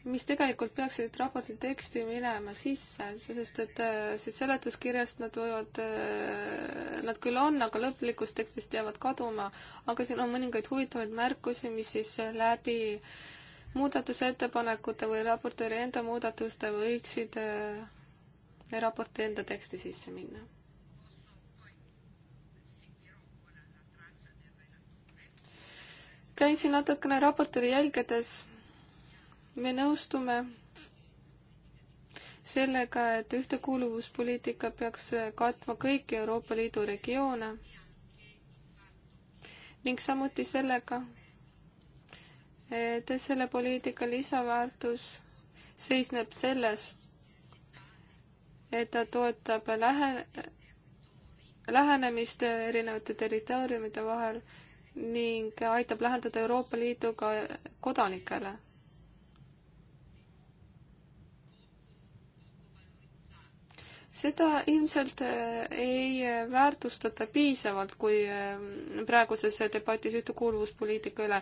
mis tegelikult peaksid raporti teksti minema sisse, sest et eh, siit seletuskirjast nad võivad, eh, nad küll on, aga lõplikust tekstist jäävad kaduma. aga siin on mõningaid huvitavaid märkusi, mis siis läbi muudatusettepanekute või raportööri enda muudatuste võiksid äh, raporti enda teksti sisse minna. käisin natukene raportööri jälgedes. me nõustume sellega, et ühtekuuluvuspoliitika peaks katma kõiki Euroopa Liidu regioone ning samuti sellega, et selle poliitika lisaväärtus seisneb selles, et ta toetab lähe-, lähenemist erinevate territooriumide vahel ning aitab lähendada Euroopa Liiduga kodanikele. seda ilmselt äh, ei äh, väärtustata piisavalt, kui äh, praeguses debatis ühtekuuluvuspoliitika üle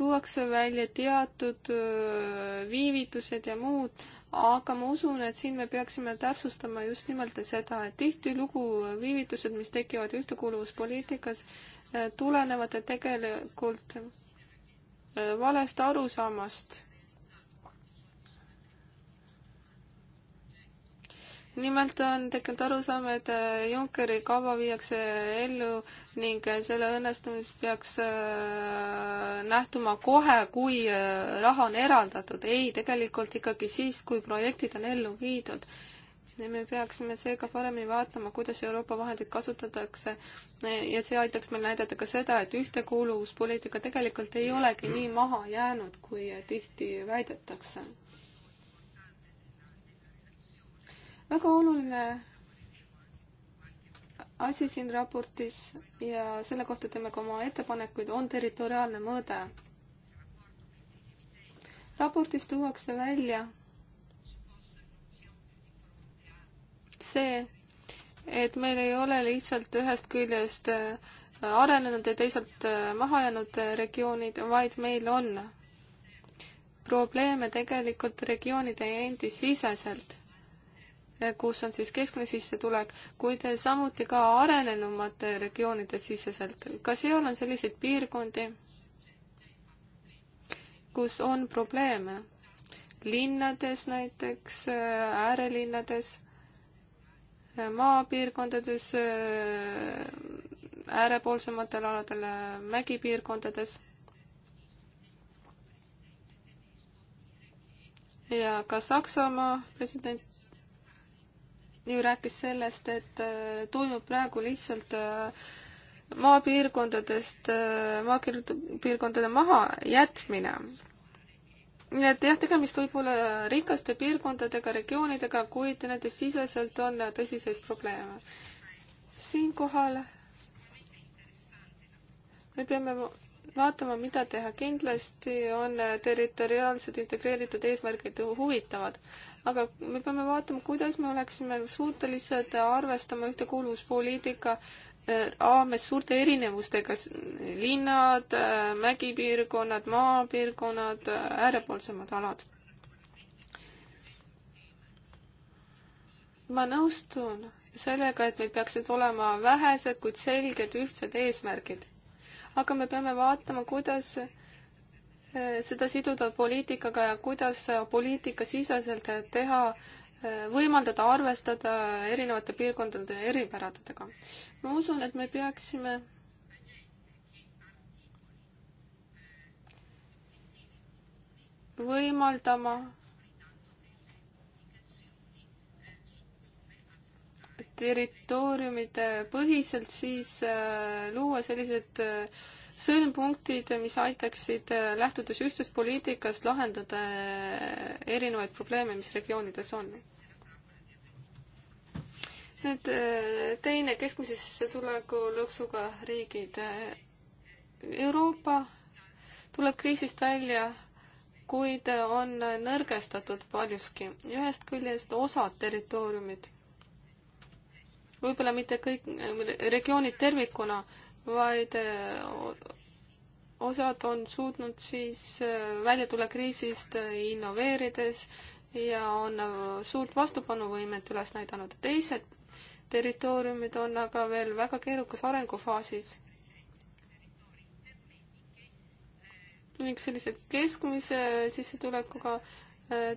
tuuakse välja teatud viivitused ja muud, aga ma usun, et siin me peaksime täpsustama just nimelt seda, et tihtilugu viivitused, mis tekivad ühtekuuluvuspoliitikas, tulenevad tegelikult valest arusaamast nimelt on tekkinud arusaam, et äh, Junckeri kava viiakse ellu ning äh, selle õnnestumis peaks äh, nähtuma kohe, kui raha on eraldatud. ei, tegelikult ikkagi siis, kui projektid on ellu viidud. me peaksime seega paremini vaatama, kuidas Euroopa vahendeid kasutatakse ja see aitaks meil näidata ka seda, et ühtekuuluvuspoliitika tegelikult ei olegi nii maha jäänud, kui tihti väidetakse väga oluline asi siin raportis ja selle kohta teeme ka oma ettepanekuid, on territoriaalne mõõde. raportis tuuakse välja see, et meil ei ole lihtsalt ühest küljest äh, arenenud ja teisalt äh, mahajäänud äh, regioonid, vaid meil on probleeme tegelikult regioonide endi siseselt kus on siis keskmine sissetulek, kuid samuti ka arenenumate regioonide siseselt. ka seal on selliseid piirkondi, kus on probleeme. linnades näiteks, äärelinnades, maapiirkondades, äärepoolsematel aladel, mägipiirkondades ja ka Saksamaa president ju rääkis sellest, et äh, toimub praegu lihtsalt äh, maapiirkondadest, äh, maapiirkondade mahajätmine. nii et jah, tegemist võib olla rikaste piirkondadega, regioonidega, kuid nende siseselt on tõsiseid probleeme. siinkohal me peame vaatama, mida teha. kindlasti on territoriaalsed integreeritud eesmärgid huvitavad, aga me peame vaatama, kuidas me oleksime suutelised arvestama ühtekuuluvuspoliitika raames äh, suurte erinevustega, linnad, äh, mägipiirkonnad, maapiirkonnad, äh, äärepoolsemad alad. ma nõustun sellega, et meil peaksid olema vähesed, kuid selged ühtsed eesmärgid. aga me peame vaatama, kuidas seda siduda poliitikaga ja kuidas poliitikasiseselt teha, võimaldada arvestada erinevate piirkondade eripäradega. ma usun, et me peaksime võimaldama territooriumide põhiselt siis äh, luua sellised äh, sõlmpunktid, mis aitaksid äh, lähtudes ühtsest poliitikast lahendada äh, erinevaid probleeme, mis regioonides on. Need äh, teine keskmise sissetuleku lõksuga riigid. Euroopa tuleb kriisist välja, kuid on nõrgestatud paljuski. ühest küljest osad territooriumid, võib-olla mitte kõik regioonid tervikuna vaid äh, osad on suutnud siis äh, välja tulla kriisist äh, innoveerides ja on suurt vastupanuvõimet üles näidanud. teised territooriumid on aga veel väga keerukas arengufaasis. ning sellised keskmise sissetulekuga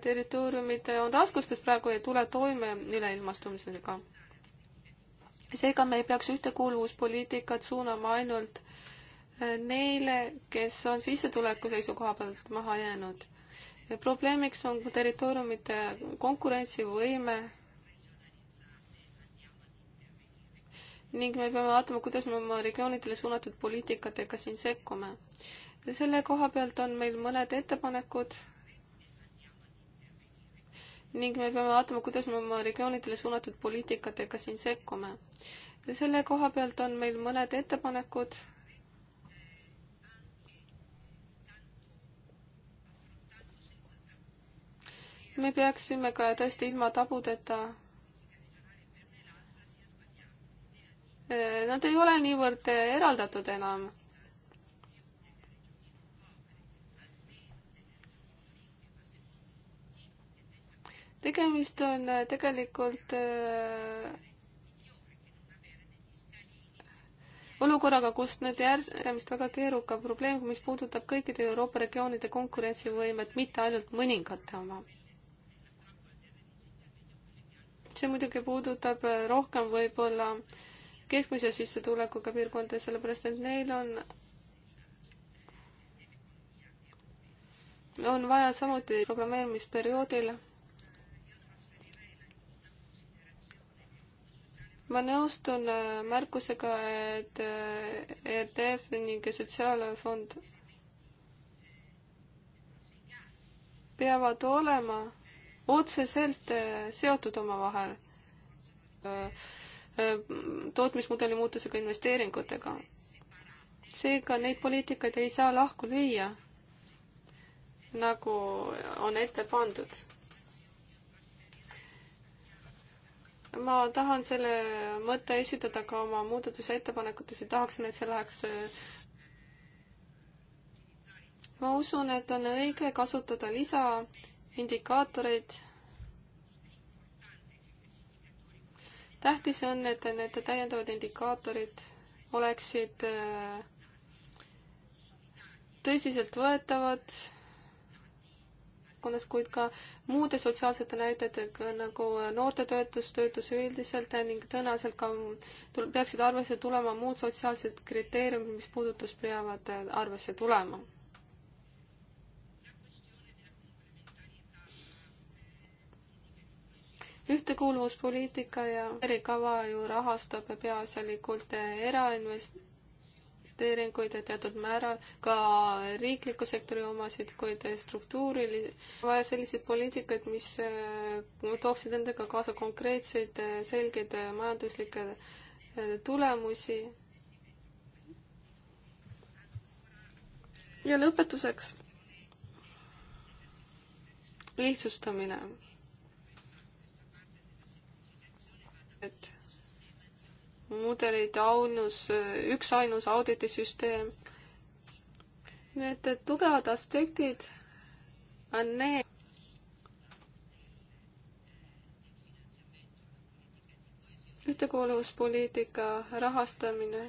territooriumid on raskustes praegu ja ei tule toime üleilmastumisega seega me ei peaks ühtekuuluvuspoliitikat suunama ainult äh, neile, kes on sissetuleku seisukoha pealt maha jäänud. probleemiks on territooriumite konkurentsivõime ning me peame vaatama, kuidas me oma regioonidele suunatud poliitikatega siin sekkume. selle koha pealt on meil mõned ettepanekud ning me peame vaatama, kuidas me oma regioonidele suunatud poliitikatega siin sekkume. selle koha pealt on meil mõned ettepanekud. me peaksime ka tõesti ilma tabudeta Nad ei ole niivõrd eraldatud enam tegemist on äh, tegelikult äh, olukorraga, kus näete järjest väga keeruka probleemiga, mis puudutab kõikide Euroopa regioonide konkurentsivõimet, mitte ainult mõningate oma. see muidugi puudutab äh, rohkem võib-olla keskmise sissetulekuga piirkonda, sellepärast et neil on, on vaja samuti programmeerimisperioodil ma nõustun äh, märkusega, et äh, e RDF ning Sotsiaalfond peavad olema otseselt äh, seotud omavahel tootmismudeli muutusega investeeringutega. seega neid poliitikaid ei saa lahku lüüa, nagu on ette pandud ma tahan selle mõtte esitada ka oma muudatusettepanekutes ja tahaksin, et see läheks äh, ma usun, et on õige kasutada lisaindikaatoreid. tähtis on, et need täiendavad indikaatorid oleksid äh, tõsiseltvõetavad valdkonnas, kuid ka muude sotsiaalsete näitajatega nagu noortetöötus, töötus üldiselt ning tõenäoliselt ka peaksid arvesse tulema muud sotsiaalsed kriteeriumid, mis puudutust peavad arvesse tulema. ühtekuuluvuspoliitika ja erikava ju rahastab peaasjalikult erainvest-, investeeringuid ja teatud määral ka riikliku sektori omasid, kuid struktuurilisi, vaja selliseid poliitikaid, mis äh, tooksid endaga kaasa konkreetseid äh, selgeid äh, majanduslikke tulemusi. ja lõpetuseks lihtsustamine. et mudelid, ainus, üksainus auditisüsteem. Need tugevad aspektid on need, ühtekuuluvuspoliitika rahastamine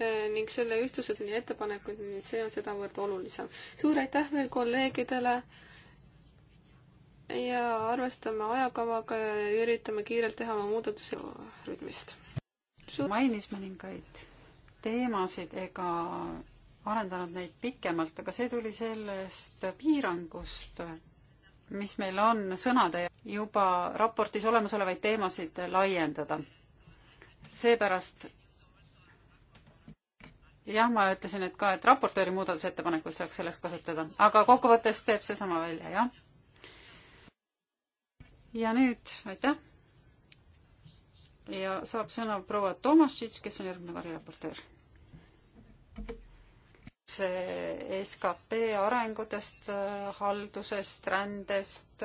eh, ning selle ühtlused ja ettepanekud, nii et see on sedavõrd olulisem. suur aitäh veel kolleegidele ja arvestame ajakavaga ja üritame kiirelt teha oma muudatuse rütmist mainis mõningaid teemasid ega arendanud neid pikemalt, aga see tuli sellest piirangust, mis meil on sõnade juba raportis olemasolevaid teemasid laiendada. seepärast jah, ma ütlesin, et ka, et raportööri muudatusettepanekut saaks selleks kasutada, aga kokkuvõttes teeb seesama välja, jah. ja nüüd, aitäh! ja saab sõna proua Tomašitš, kes on järgmine variraportöör. see skp arengutest, haldusest, rändest,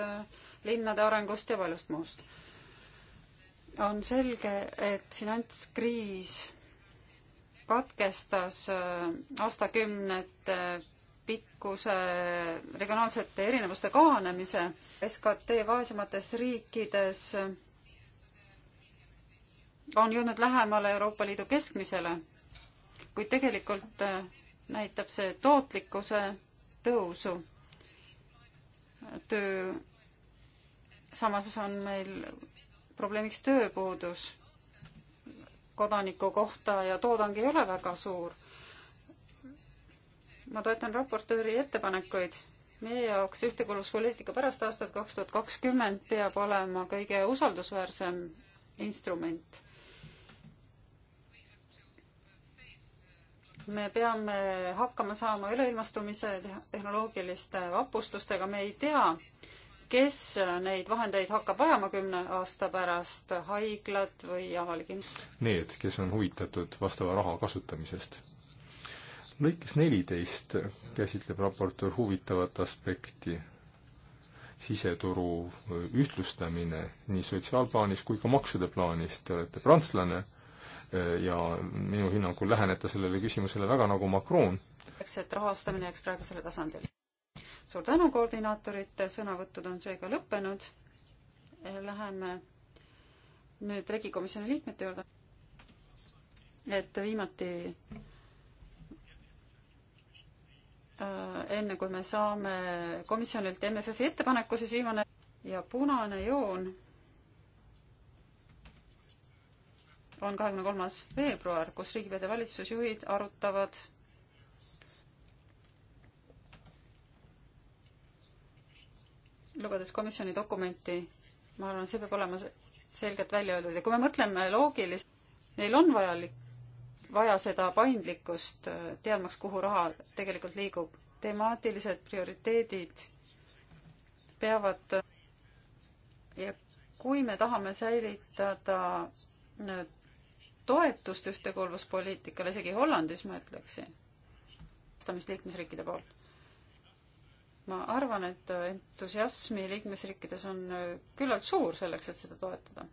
linnade arengust ja paljust muust. on selge, et finantskriis katkestas äh, aastakümnete pikkuse regionaalsete erinevuste kahanemise. SKT vaesemates riikides on jõudnud lähemale Euroopa Liidu keskmisele, kuid tegelikult äh, näitab see tootlikkuse tõusu. töö, samas on meil probleemiks tööpuudus kodaniku kohta ja toodang ei ole väga suur. ma toetan raportööri ettepanekuid. meie jaoks ühtekuuluvuspoliitika pärast aastat kaks tuhat kakskümmend peab olema kõige usaldusväärsem instrument me peame hakkama saama üleilmastumise tehnoloogiliste vapustustega, me ei tea, kes neid vahendeid hakkab vajama kümne aasta pärast, haiglad või avalik in-? Need, kes on huvitatud vastava raha kasutamisest. lõikes neliteist käsitleb raportöör huvitavat aspekti, siseturu ühtlustamine nii sotsiaalplaanis kui ka maksude plaanis, te olete prantslane Äh, ja minu hinnangul lähenete sellele küsimusele väga nagu Macron. eks, et rahastamine jääks praegusele tasandile. suur tänu, koordinaatorite sõnavõtud on seega lõppenud. Läheme nüüd regikomisjoni liikmete juurde. et viimati äh, enne kui me saame komisjonilt MFF-i ettepaneku, siis viimane ja punane joon on kahekümne kolmas veebruar, kus riigipead ja valitsusjuhid arutavad lugedes komisjoni dokumenti, ma arvan, see peab olema selgelt välja öeldud ja kui me mõtleme loogiliselt, neil on vajalik, vaja seda paindlikkust, teadmaks, kuhu raha tegelikult liigub. temaatilised prioriteedid peavad ja kui me tahame säilitada toetust ühtekuuluvuspoliitikale, isegi Hollandis ma ütleksin, vastamist liikmesriikide poolt. ma arvan, et entusiasmi liikmesriikides on küllalt suur selleks, et seda toetada.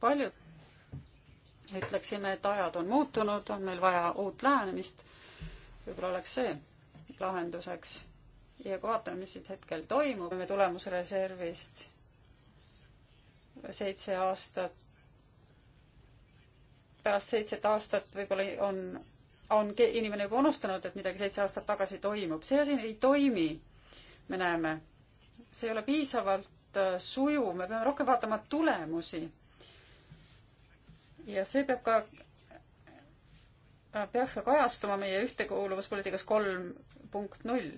paljud ütleksime, et ajad on muutunud, on meil vaja uut lähenemist, võib-olla oleks see lahenduseks ja kui vaatame, mis siin hetkel toimub, me tulemusreservist seitse aastat pärast seitset aastat võib-olla on, on inimene juba unustanud, et midagi seitse aastat tagasi toimub. see asi ei toimi, me näeme. see ei ole piisavalt äh, sujuv, me peame rohkem vaatama tulemusi. ja see peab ka, äh, peaks ka kajastuma meie ühtekuuluvuspoliitikas kolm punkt null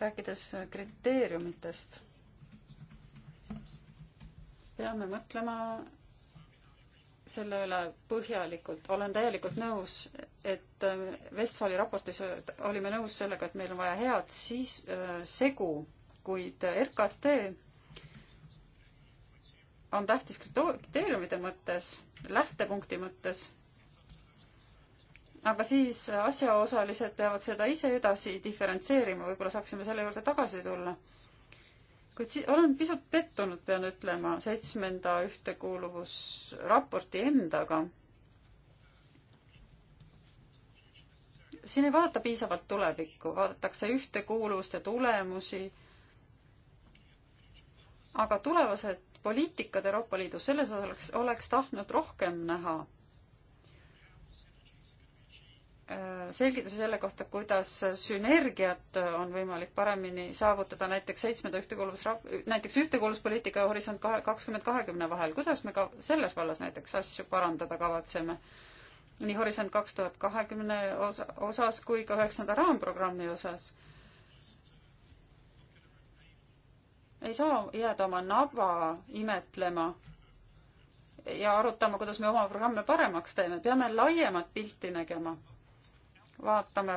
rääkides kriteeriumitest, peame mõtlema selle üle põhjalikult. olen täielikult nõus, et äh, Westfali raportis olime nõus sellega, et meil on vaja head siis äh, segu, kuid RKT on tähtis kriteeriumide mõttes, lähtepunkti mõttes aga siis asjaosalised peavad seda ise edasi diferentseerima, võib-olla saaksime selle juurde tagasi tulla. kuid si-, olen pisut pettunud, pean ütlema, seitsmenda ühtekuuluvusraporti endaga. siin ei vaadata piisavalt tulevikku, vaadatakse ühtekuuluvust ja tulemusi, aga tulevased poliitikad Euroopa Liidus, selles osas oleks, oleks tahtnud rohkem näha selgituse selle kohta, kuidas sünergiat on võimalik paremini saavutada näiteks seitsmenda ühtekuuluvus, näiteks ühtekuuluvuspoliitika ja Horisont kahe, kakskümmend kahekümne vahel, kuidas me ka selles vallas näiteks asju parandada kavatseme? nii Horisont kaks tuhat kahekümne osa, osas kui ka üheksanda raamprogrammi osas. ei saa jääda oma naba imetlema ja arutama, kuidas me oma programme paremaks teeme, peame laiemat pilti nägema vaatame,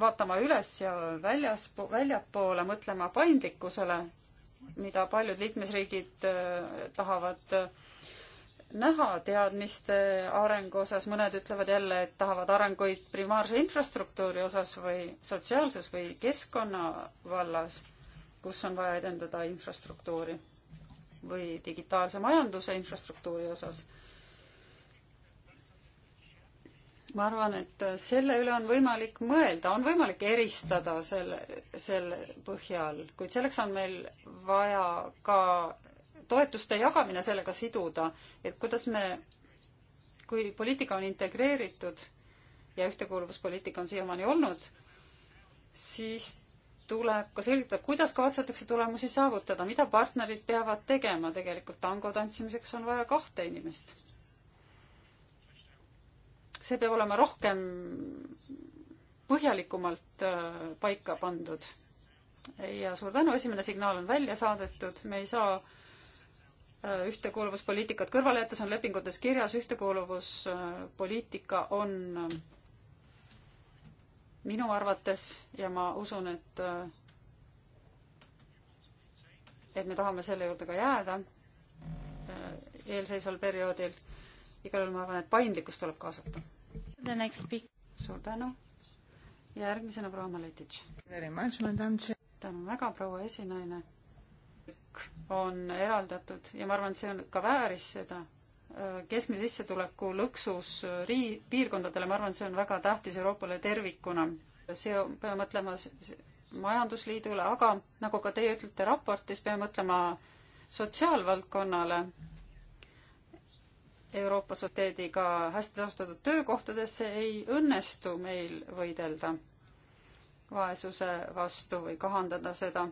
vaatama üles ja väljas, väljapoole, mõtlema paindlikkusele, mida paljud liikmesriigid äh, tahavad äh, näha teadmiste arengu osas, mõned ütlevad jälle, et tahavad arenguid primaarse infrastruktuuri osas või sotsiaalses või keskkonna vallas, kus on vaja edendada infrastruktuuri või digitaalse majanduse infrastruktuuri osas ma arvan, et selle üle on võimalik mõelda, on võimalik eristada selle, selle põhja all, kuid selleks on meil vaja ka toetuste jagamine sellega siduda, et kuidas me, kui poliitika on integreeritud ja ühtekuuluvuspoliitika on siiamaani olnud, siis tuleb ka selgitada, kuidas kavatsetakse tulemusi saavutada, mida partnerid peavad tegema, tegelikult tango tantsimiseks on vaja kahte inimest see peab olema rohkem põhjalikumalt äh, paika pandud. ja suur tänu, esimene signaal on välja saadetud, me ei saa äh, ühtekuuluvuspoliitikat kõrvale jätta, see on lepingutes kirjas, ühtekuuluvuspoliitika on äh, minu arvates ja ma usun, et et me tahame selle juurde ka jääda eelseisval perioodil. igal juhul ma arvan, et paindlikkust tuleb kaasata suur tänu. järgmisena proua Maletitš. tänan väga, proua esinaine. on eraldatud ja ma arvan, et see on ka vääris seda äh, keskmise sissetuleku lõksus äh, rii-, piirkondadele, ma arvan, see on väga tähtis Euroopale tervikuna. see, peame mõtlema majandusliidule, aga nagu ka teie ütlete raportis, peame mõtlema sotsiaalvaldkonnale Euroopa soteediga hästi tasustatud töökohtadesse, ei õnnestu meil võidelda vaesuse vastu või kahandada seda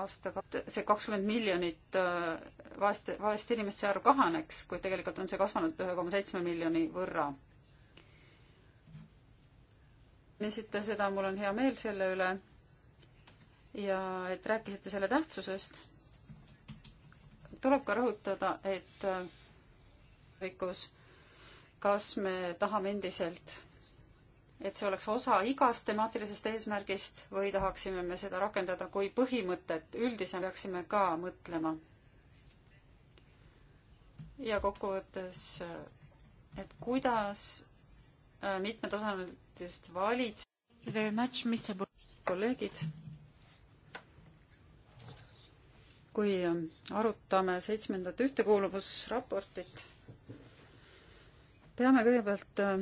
aastaga. see kakskümmend miljonit äh, vaeste, vaeste inimeste arv kahaneks, kuid tegelikult on see kasvanud ühe koma seitsme miljoni võrra. esita seda, mul on hea meel selle üle ja et rääkisite selle tähtsusest. tuleb ka rõhutada, et äh, tulevikus. kas me tahame endiselt, et see oleks osa igast temaatilisest eesmärgist või tahaksime me seda rakendada kui põhimõtet, üldiselt peaksime ka mõtlema. ja kokkuvõttes, et kuidas äh, mitmetasandilist valits-. kolleegid kui ähm, arutame seitsmendat ühtekuuluvusraportit, peame kõigepealt äh,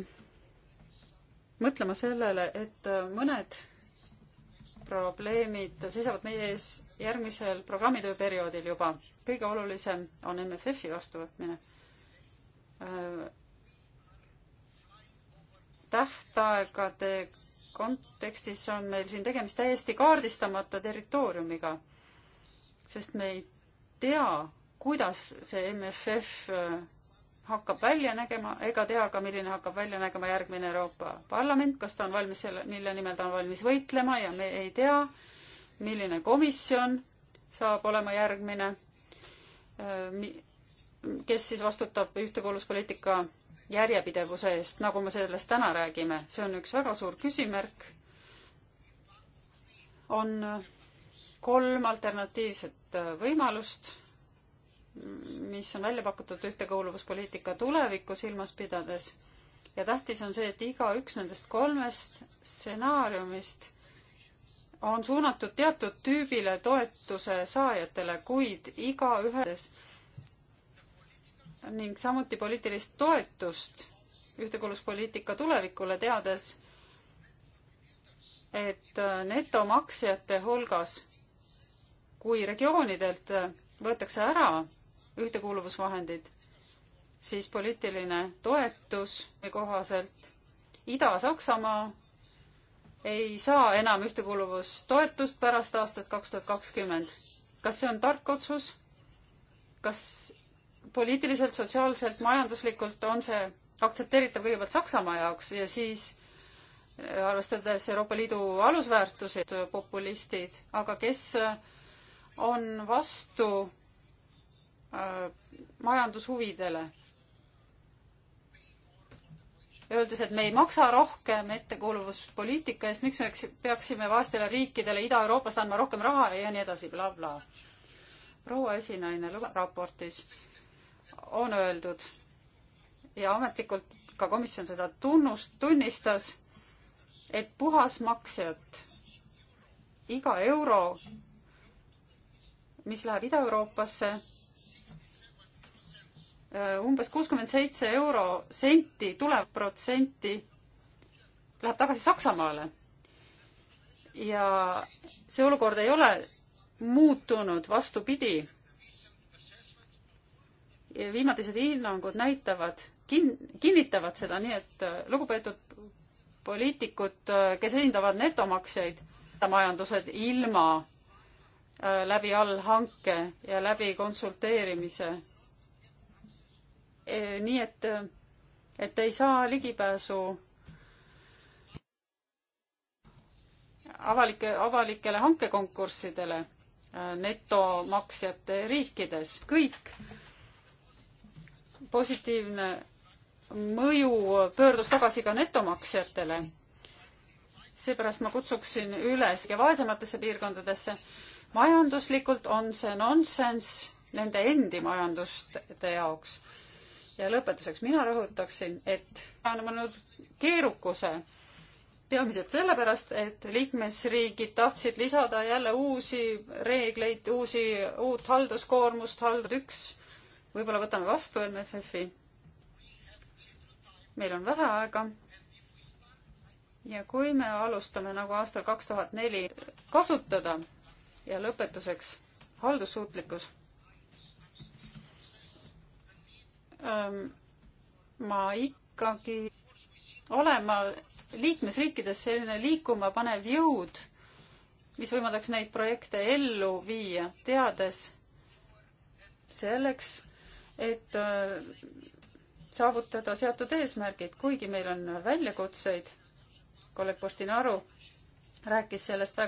mõtlema sellele, et äh, mõned probleemid seisavad meie ees järgmisel programmitöö perioodil juba. kõige olulisem on MFF-i vastuvõtmine. Äh, tähtaegade kontekstis on meil siin tegemist täiesti kaardistamata territooriumiga, sest me ei tea, kuidas see MFF hakkab välja nägema ega tea ka, milline hakkab välja nägema järgmine Euroopa Parlament, kas ta on valmis selle, mille nimel ta on valmis võitlema ja me ei tea, milline komisjon saab olema järgmine, äh, kes siis vastutab ühtekuuluvuspoliitika järjepidevuse eest, nagu me sellest täna räägime, see on üks väga suur küsimärk. on kolm alternatiivset äh, võimalust mis on välja pakutud ühtekuuluvuspoliitika tulevikku silmas pidades. ja tähtis on see, et igaüks nendest kolmest stsenaariumist on suunatud teatud tüübile toetuse saajatele, kuid igaühes ning samuti poliitilist toetust ühtekuuluvuspoliitika tulevikule, teades, et äh, netomaksjate hulgas, kui regioonidelt äh, võetakse ära ühtekuuluvusvahendid, siis poliitiline toetus kohaselt Ida-Saksamaa ei saa enam ühtekuuluvustoetust pärast aastat kaks tuhat kakskümmend. kas see on tark otsus? kas poliitiliselt, sotsiaalselt, majanduslikult on see aktsepteeritav kõigepealt Saksamaa jaoks ja siis äh, arvestades Euroopa Liidu alusväärtuseid, populistid, aga kes äh, on vastu Äh, majandushuvidele. Öeldes, et me ei maksa rohkem ettekuuluvuspoliitika eest, miks me peaksime vaestele riikidele Ida-Euroopast andma rohkem raha ja nii edasi bla,, blablabla. proua esinaine raportis on öeldud ja ametlikult ka komisjon seda tunnust, tunnistas, et puhasmaksjad iga euro, mis läheb Ida-Euroopasse, Äh, umbes kuuskümmend seitse euro senti tulev protsenti läheb tagasi Saksamaale. ja see olukord ei ole muutunud, vastupidi. viimatised hinnangud näitavad, kin-, kinnitavad seda, nii et äh, lugupeetud poliitikud, äh, kes esindavad netomaksjaid, majandused ilma läbi allhanke ja läbi konsulteerimise Eh, nii et, et ei saa ligipääsu avalike, avalikele hankekonkurssidele eh, netomaksjate riikides, kõik positiivne mõju pöördus tagasi ka netomaksjatele. seepärast ma kutsuksin üles ja vaesematesse piirkondadesse. majanduslikult on see nonsenss nende endi majanduste jaoks ja lõpetuseks mina rõhutaksin, et oleme olnud keerukuse peamiselt sellepärast, et liikmesriigid tahtsid lisada jälle uusi reegleid, uusi, uut halduskoormust, haldad üks, võib-olla võtame vastu MFF-i. meil on vähe aega. ja kui me alustame nagu aastal kaks tuhat neli kasutada ja lõpetuseks haldussuutlikkus Ehm, ma ikkagi olema liikmesriikides selline liikuma panev jõud, mis võimaldaks neid projekte ellu viia, teades selleks, et äh, saavutada seatud eesmärgid, kuigi meil on väljakutseid. kolleeg Postinaru rääkis sellest väga